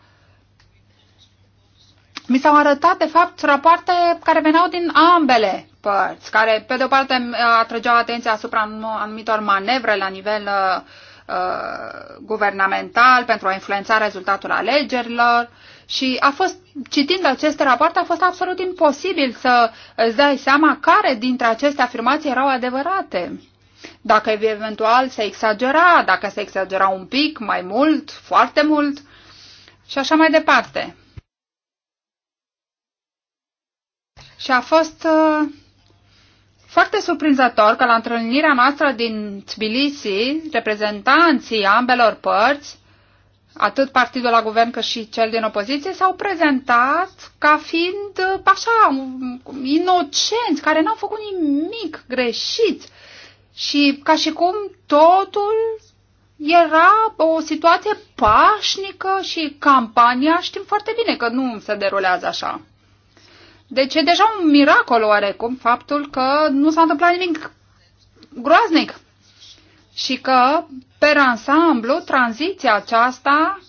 mi s-au arătat, de fapt, rapoarte care veneau din ambele părți, care, pe de o parte, atrăgeau atenția asupra anumitor manevre la nivel uh, Uh, guvernamental pentru a influența rezultatul alegerilor și a fost, citind aceste rapoarte, a fost absolut imposibil să îți dai seama care dintre aceste afirmații erau adevărate. Dacă eventual se exagera, dacă se exagera un pic, mai mult, foarte mult și așa mai departe. Și a fost uh, foarte surprinzător că la întâlnirea noastră din Tbilisi, reprezentanții ambelor părți, atât partidul la guvern cât și cel din opoziție, s-au prezentat ca fiind uh, așa, um, inocenți, care n-au făcut nimic greșit și ca și cum totul era o situație pașnică și campania știm foarte bine că nu se derulează așa. Deci e deja un miracol oarecum faptul că nu s-a întâmplat nimic groaznic și că, pe ansamblu, tranziția aceasta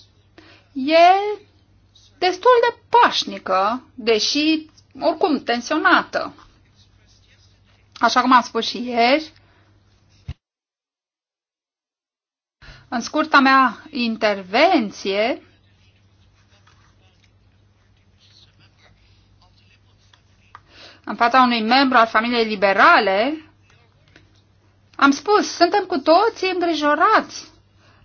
e destul de pașnică, deși oricum tensionată. Așa cum am spus și ieri, în scurta mea intervenție, în fața unui membru al familiei liberale, am spus, suntem cu toții îngrijorați,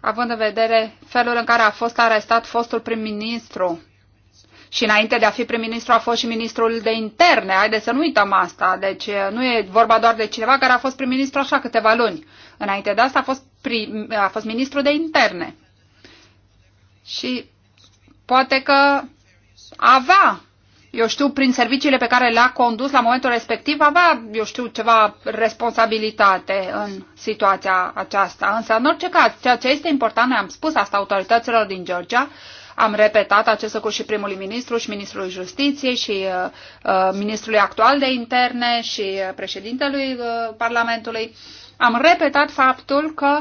având în vedere felul în care a fost arestat fostul prim-ministru. Și înainte de a fi prim-ministru a fost și ministrul de interne, haideți să nu uităm asta, deci eh, nu e vorba doar de cineva care a fost prim-ministru așa câteva luni. Înainte de asta a fost, prim, a fost ministru de interne. Și poate că avea eu știu, prin serviciile pe care le-a condus la momentul respectiv, avea, eu știu, ceva responsabilitate în situația aceasta. Însă, în orice caz, ceea ce este important, am spus asta autorităților din Georgia, am repetat acest lucru și primului ministru și ministrului justiției și uh, uh ministrului actual de interne și uh, președintelui uh, Parlamentului. Am repetat faptul că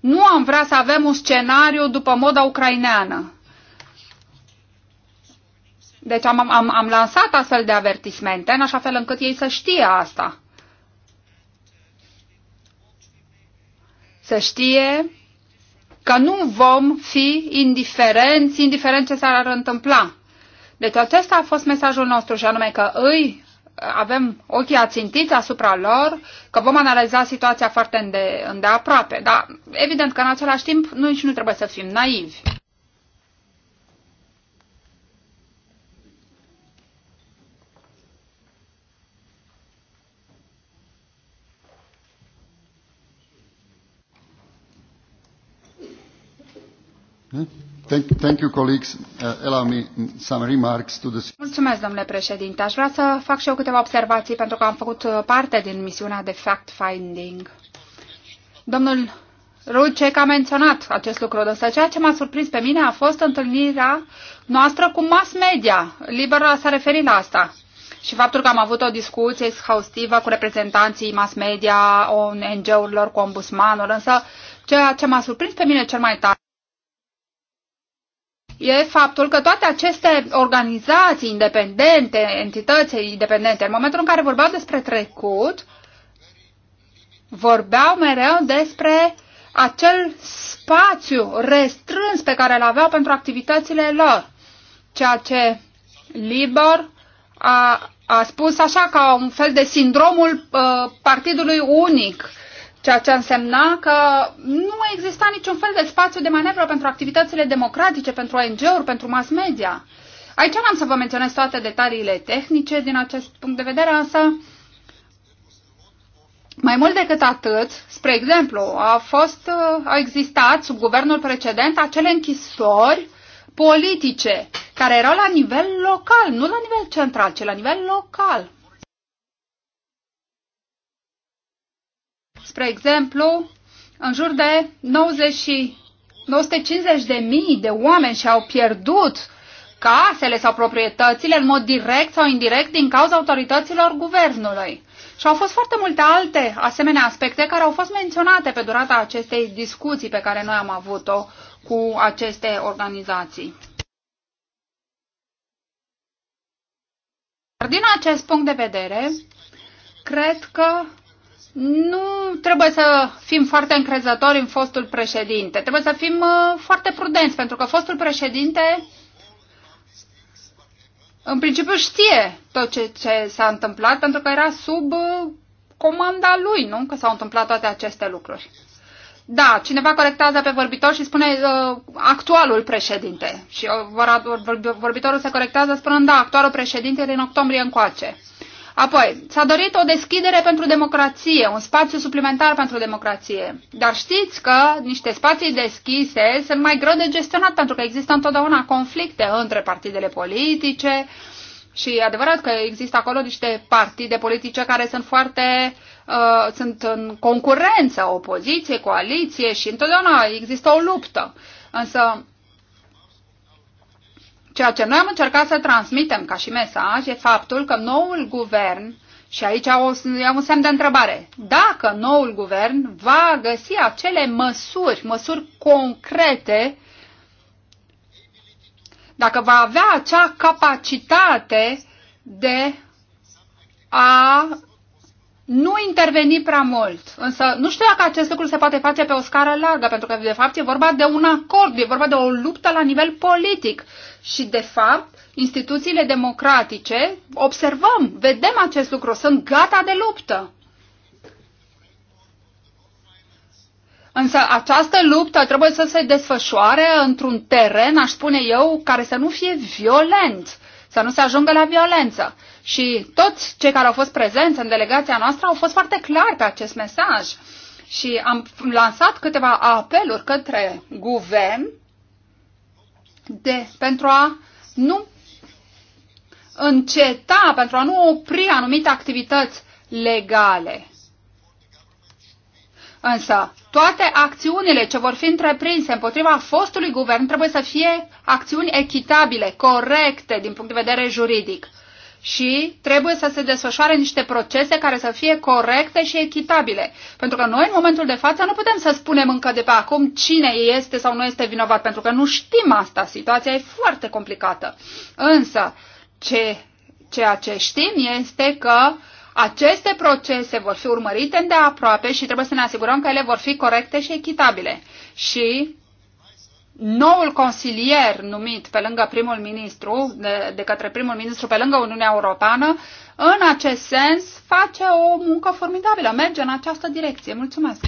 nu am vrea să avem un scenariu după moda ucraineană deci am, am, am lansat astfel de avertismente în așa fel încât ei să știe asta. Să știe că nu vom fi indiferenți, indiferent ce s-ar întâmpla. Deci acesta a fost mesajul nostru și anume că îi avem ochii ațintiți asupra lor, că vom analiza situația foarte îndeaproape. Dar evident că în același timp nu-i nici nu trebuie să fim naivi. Mulțumesc, domnule președinte. Aș vrea să fac și eu câteva observații pentru că am făcut uh, parte din misiunea de fact-finding. Domnul Rucek a menționat acest lucru, însă ceea ce m-a surprins pe mine a fost întâlnirea noastră cu mass media. liberă s-a referit la asta. Și faptul că am avut o discuție exhaustivă cu reprezentanții mass media, ONG-urilor, cu ombudsmanul, însă ceea ce m-a surprins pe mine cel mai tare e faptul că toate aceste organizații independente, entități independente, în momentul în care vorbeau despre trecut, vorbeau mereu despre acel spațiu restrâns pe care îl aveau pentru activitățile lor, ceea ce Libor a, a spus așa ca un fel de sindromul uh, partidului unic, Ceea ce însemna că nu exista niciun fel de spațiu de manevră pentru activitățile democratice, pentru ONG-uri, pentru mass media. Aici n-am să vă menționez toate detaliile tehnice din acest punct de vedere, însă mai mult decât atât, spre exemplu, a fost, a existat sub guvernul precedent acele închisori politice care erau la nivel local, nu la nivel central, ci la nivel local. Spre exemplu, în jur de 90 950 de mii de oameni și-au pierdut casele sau proprietățile în mod direct sau indirect din cauza autorităților guvernului. Și au fost foarte multe alte asemenea aspecte care au fost menționate pe durata acestei discuții pe care noi am avut-o cu aceste organizații. Din acest punct de vedere, cred că nu trebuie să fim foarte încrezători în fostul președinte. Trebuie să fim uh, foarte prudenți, pentru că fostul președinte în principiu știe tot ce, ce s-a întâmplat, pentru că era sub uh, comanda lui, nu? Că s-au întâmplat toate aceste lucruri. Da, cineva corectează pe vorbitor și spune uh, actualul președinte. Și uh, vorbitorul se corectează spunând, da, actualul președinte din octombrie încoace. Apoi, s-a dorit o deschidere pentru democrație, un spațiu suplimentar pentru democrație. Dar știți că niște spații deschise sunt mai greu de gestionat pentru că există întotdeauna conflicte între partidele politice și e adevărat că există acolo niște partide politice care sunt foarte uh, sunt în concurență, opoziție, coaliție și întotdeauna există o luptă. Însă Ceea ce noi am încercat să transmitem ca și mesaj e faptul că noul guvern, și aici am un semn de întrebare, dacă noul guvern va găsi acele măsuri, măsuri concrete, dacă va avea acea capacitate de a nu interveni prea mult. Însă nu știu dacă acest lucru se poate face pe o scară largă, pentru că de fapt e vorba de un acord, e vorba de o luptă la nivel politic. Și de fapt, instituțiile democratice, observăm, vedem acest lucru, sunt gata de luptă. Însă această luptă trebuie să se desfășoare într-un teren, aș spune eu, care să nu fie violent, să nu se ajungă la violență. Și toți cei care au fost prezenți în delegația noastră au fost foarte clari pe acest mesaj. Și am lansat câteva apeluri către guvern de, pentru a nu înceta, pentru a nu opri anumite activități legale. Însă, toate acțiunile ce vor fi întreprinse împotriva fostului guvern trebuie să fie acțiuni echitabile, corecte din punct de vedere juridic și trebuie să se desfășoare niște procese care să fie corecte și echitabile. Pentru că noi, în momentul de față, nu putem să spunem încă de pe acum cine este sau nu este vinovat, pentru că nu știm asta. Situația e foarte complicată. Însă, ce, ceea ce știm este că aceste procese vor fi urmărite îndeaproape și trebuie să ne asigurăm că ele vor fi corecte și echitabile. Și noul consilier numit pe lângă primul ministru, de, de către primul ministru pe lângă Uniunea Europeană, în acest sens face o muncă formidabilă, merge în această direcție. Mulțumesc.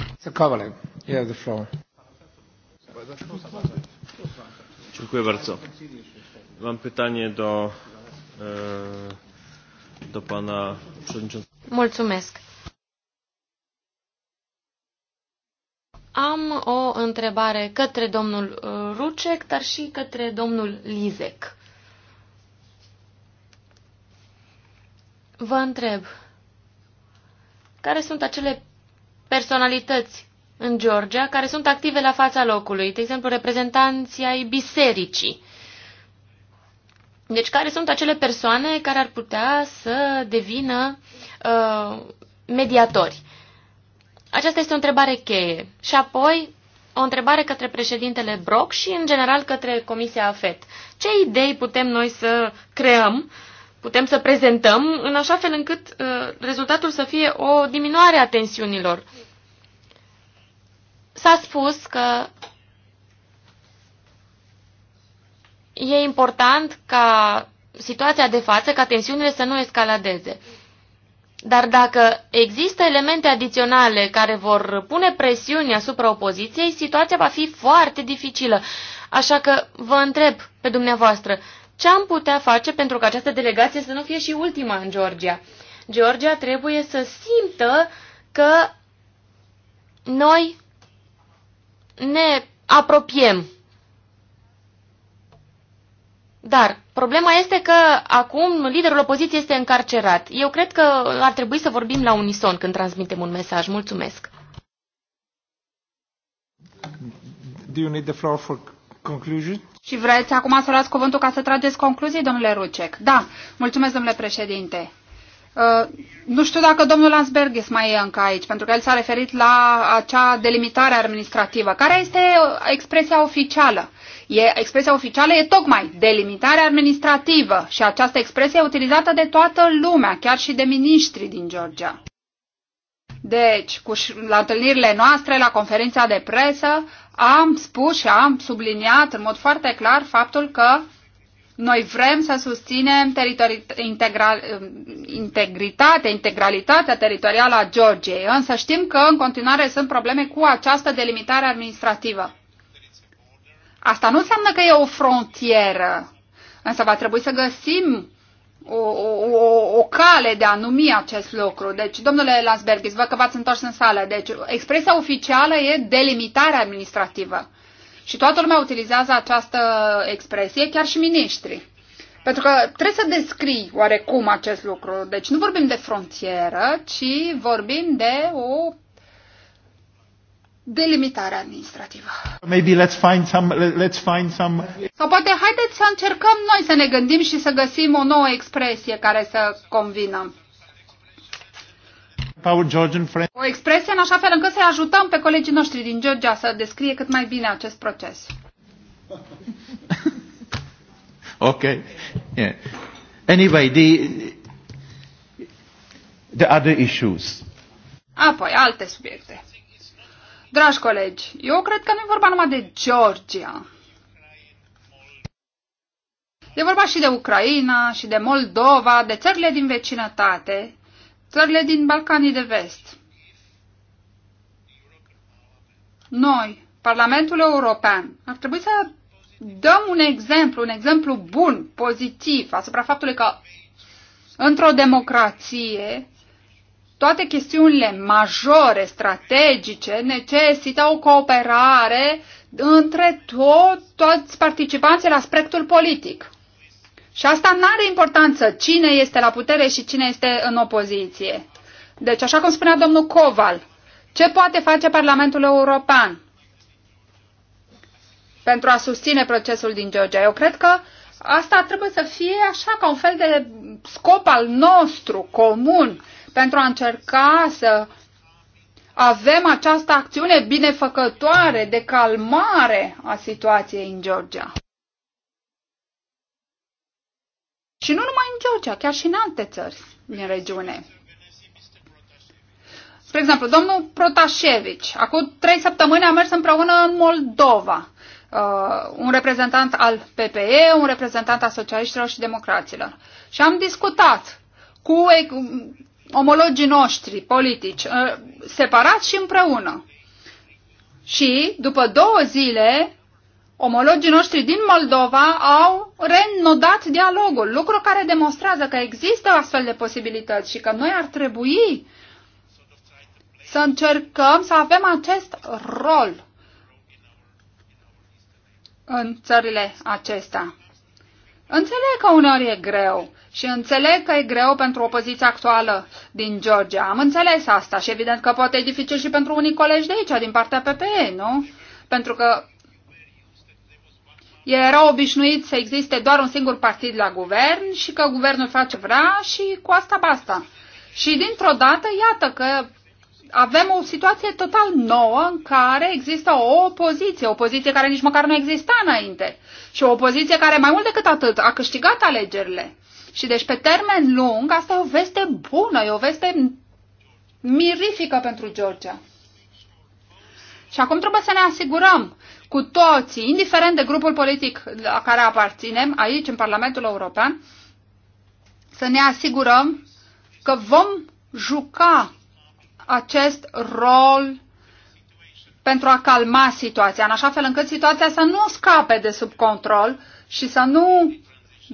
Dziękuję bardzo. Mam pytanie do, do pana przewodniczącego. Mulțumesc. Am o întrebare către domnul uh, Rucec, dar și către domnul Lizec. Vă întreb, care sunt acele personalități în Georgia care sunt active la fața locului, de exemplu reprezentanții ai bisericii? Deci care sunt acele persoane care ar putea să devină uh, mediatori? Aceasta este o întrebare cheie. Și apoi, o întrebare către președintele Brock și, în general, către Comisia AFET. Ce idei putem noi să creăm, putem să prezentăm, în așa fel încât uh, rezultatul să fie o diminuare a tensiunilor? S-a spus că e important ca situația de față, ca tensiunile să nu escaladeze. Dar dacă există elemente adiționale care vor pune presiuni asupra opoziției, situația va fi foarte dificilă. Așa că vă întreb pe dumneavoastră, ce am putea face pentru ca această delegație să nu fie și ultima în Georgia? Georgia trebuie să simtă că noi ne apropiem dar problema este că acum liderul opoziției este încarcerat. Eu cred că ar trebui să vorbim la unison când transmitem un mesaj. Mulțumesc. Do you need the floor for conclusion? Și vreți acum să luați cuvântul ca să trageți concluzii, domnule Rucec? Da, mulțumesc, domnule președinte. Uh, nu știu dacă domnul este mai e încă aici, pentru că el s-a referit la acea delimitare administrativă, care este uh, expresia oficială. E, expresia oficială e tocmai delimitare administrativă și această expresie e utilizată de toată lumea, chiar și de miniștri din Georgia. Deci, cu, la întâlnirile noastre, la conferința de presă, am spus și am subliniat în mod foarte clar faptul că noi vrem să susținem integral, um, integritatea, integralitatea teritorială a Georgiei, însă știm că în continuare sunt probleme cu această delimitare administrativă. Asta nu înseamnă că e o frontieră, însă va trebui să găsim o, o, o cale de a numi acest lucru. Deci, domnule Lansbergis, văd că v-ați întors în sală. Deci, expresia oficială e delimitare administrativă. Și toată lumea utilizează această expresie, chiar și miniștrii. Pentru că trebuie să descrii oarecum acest lucru. Deci nu vorbim de frontieră, ci vorbim de o delimitare administrativă. Maybe let's find some, let's find some... Sau poate haideți să încercăm noi să ne gândim și să găsim o nouă expresie care să convină. O expresie în așa fel încât să-i ajutăm pe colegii noștri din Georgia să descrie cât mai bine acest proces. ok. Yeah. Anyway, the, the other issues. Apoi, alte subiecte. Dragi colegi, eu cred că nu e vorba numai de Georgia. E vorba și de Ucraina, și de Moldova, de țările din vecinătate, țările din Balcanii de Vest. Noi, Parlamentul European, ar trebui să dăm un exemplu, un exemplu bun, pozitiv, asupra faptului că într-o democrație toate chestiunile majore, strategice, necesită o cooperare între tot, toți participanții la aspectul politic. Și asta nu are importanță cine este la putere și cine este în opoziție. Deci, așa cum spunea domnul Coval, ce poate face Parlamentul European pentru a susține procesul din Georgia? Eu cred că asta trebuie să fie așa, ca un fel de scop al nostru comun, pentru a încerca să avem această acțiune binefăcătoare de calmare a situației în Georgia. Și nu numai în Georgia, chiar și în alte țări din regiune. Spre exemplu, domnul Protașevici, acum trei săptămâni a mers împreună în Moldova. Uh, un reprezentant al PPE, un reprezentant al socialiștilor și democraților. Și am discutat cu omologii noștri politici, ă, separați și împreună. Și după două zile, omologii noștri din Moldova au renodat dialogul, lucru care demonstrează că există astfel de posibilități și că noi ar trebui să încercăm să avem acest rol în țările acestea. Înțeleg că uneori e greu și înțeleg că e greu pentru opoziția actuală din Georgia. Am înțeles asta și evident că poate e dificil și pentru unii colegi de aici, din partea PPE, nu? Pentru că ei erau obișnuiți să existe doar un singur partid la guvern și că guvernul face vrea și cu asta basta. Și dintr-o dată, iată că avem o situație total nouă în care există o opoziție, o opoziție care nici măcar nu exista înainte și o opoziție care mai mult decât atât a câștigat alegerile. Și deci pe termen lung, asta e o veste bună, e o veste mirifică pentru Georgia. Și acum trebuie să ne asigurăm cu toții, indiferent de grupul politic la care aparținem, aici în Parlamentul European, să ne asigurăm că vom juca acest rol pentru a calma situația, în așa fel încât situația să nu scape de sub control și să nu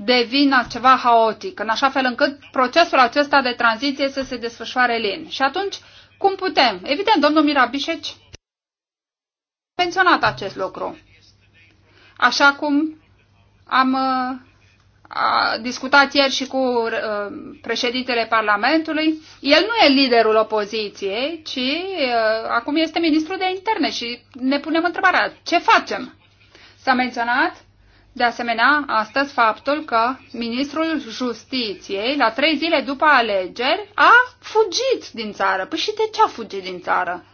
devină ceva haotic, în așa fel încât procesul acesta de tranziție să se desfășoare lin. Și atunci, cum putem? Evident, domnul Mirabișeci a menționat acest lucru. Așa cum am uh, a discutat ieri și cu uh, președintele Parlamentului. El nu e liderul opoziției, ci uh, acum este ministrul de interne și ne punem întrebarea ce facem. S-a menționat de asemenea astăzi faptul că ministrul justiției, la trei zile după alegeri, a fugit din țară. Păi și de ce a fugit din țară?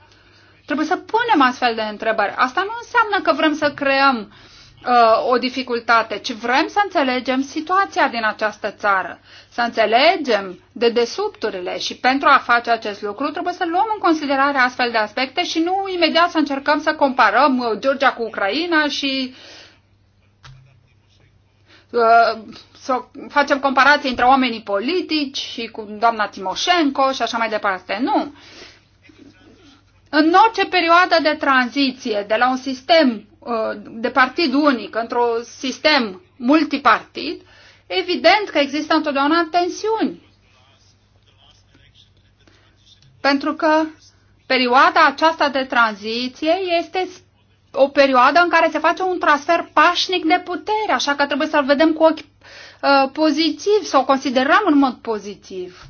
Trebuie să punem astfel de întrebări. Asta nu înseamnă că vrem să creăm uh, o dificultate, ci vrem să înțelegem situația din această țară, să înțelegem de desubturile și pentru a face acest lucru trebuie să luăm în considerare astfel de aspecte și nu imediat să încercăm să comparăm uh, Georgia cu Ucraina și uh, Uh, să facem comparație între oamenii politici și cu doamna Timoșenco și așa mai departe. Nu. În orice perioadă de tranziție de la un sistem uh, de partid unic într-un sistem multipartid, evident că există întotdeauna tensiuni. Pentru că perioada aceasta de tranziție este o perioadă în care se face un transfer pașnic de putere, așa că trebuie să-l vedem cu ochi uh, pozitiv, sau considerăm în mod pozitiv.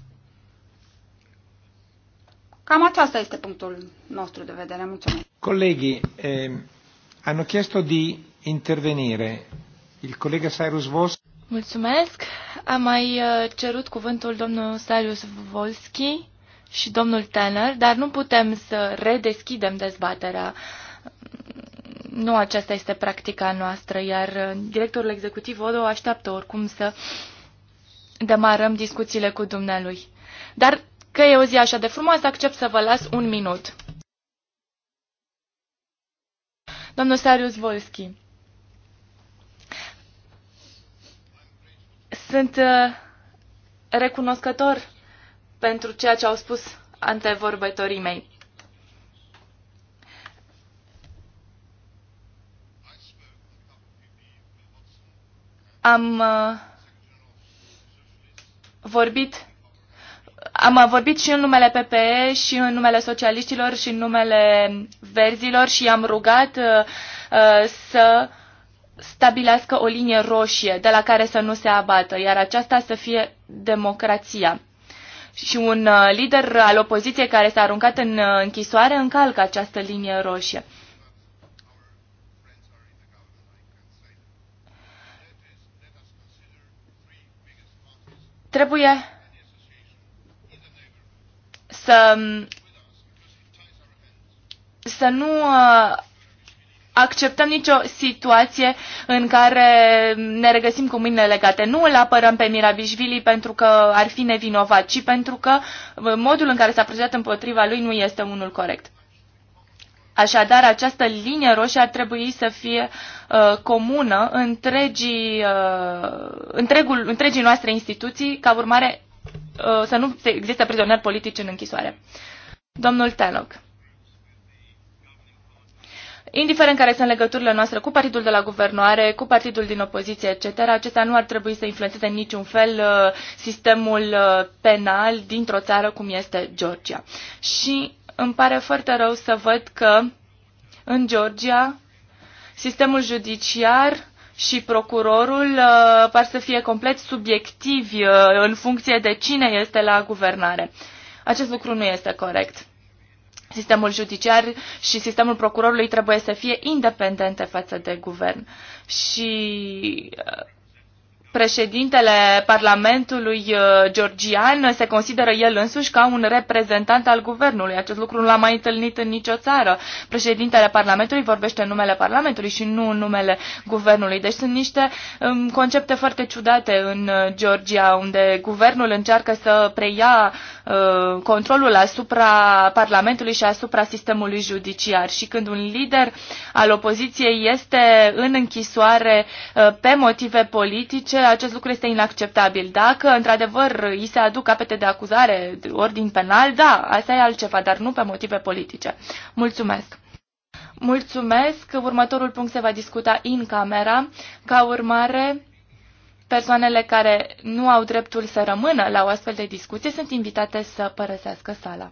Cam aceasta este punctul nostru de vedere. Mulțumesc. Colegii, eh, hanno chiesto di intervenire il collega Cyrus Vos. Mulțumesc. Am mai uh, cerut cuvântul domnul Cyrus Volski și domnul Tanner, dar nu putem să redeschidem dezbaterea uh, nu aceasta este practica noastră, iar uh, directorul executiv Odo așteaptă oricum să demarăm discuțiile cu dumnealui. Dar că e o zi așa de frumoasă, accept să vă las un minut. Domnul Sarius Volski. Sunt uh, recunoscător pentru ceea ce au spus antevorbătorii mei. am uh, vorbit am uh, vorbit și în numele PPE, și în numele socialiștilor, și în numele verzilor și am rugat uh, să stabilească o linie roșie de la care să nu se abată, iar aceasta să fie democrația. Și un lider al opoziției care s-a aruncat în închisoare încalcă această linie roșie. Trebuie să, să nu uh, acceptăm nicio situație în care ne regăsim cu mâinile legate. Nu îl apărăm pe Miravișvili pentru că ar fi nevinovat, ci pentru că modul în care s-a procedat împotriva lui nu este unul corect. Așadar, această linie roșie ar trebui să fie uh, comună întregii, uh, întregul, întregii noastre instituții, ca urmare uh, să nu existe prizonieri politici în închisoare. Domnul Teloc. Indiferent care sunt legăturile noastre cu partidul de la guvernare, cu partidul din opoziție, etc., acestea nu ar trebui să influențeze în niciun fel uh, sistemul uh, penal dintr-o țară cum este Georgia. Și îmi pare foarte rău să văd că în Georgia sistemul judiciar și procurorul uh, par să fie complet subiectivi uh, în funcție de cine este la guvernare. Acest lucru nu este corect. Sistemul judiciar și sistemul procurorului trebuie să fie independente față de guvern. Și uh, președintele Parlamentului uh, georgian se consideră el însuși ca un reprezentant al guvernului. Acest lucru nu l-a mai întâlnit în nicio țară. Președintele Parlamentului vorbește în numele Parlamentului și nu în numele guvernului. Deci sunt niște um, concepte foarte ciudate în uh, Georgia, unde guvernul încearcă să preia uh, controlul asupra Parlamentului și asupra sistemului judiciar. Și când un lider al opoziției este în închisoare uh, pe motive politice, acest lucru este inacceptabil. Dacă, într-adevăr, îi se aduc capete de acuzare, ordin penal, da, asta e altceva, dar nu pe motive politice. Mulțumesc! Mulțumesc! Următorul punct se va discuta în camera. Ca urmare, persoanele care nu au dreptul să rămână la o astfel de discuție sunt invitate să părăsească sala.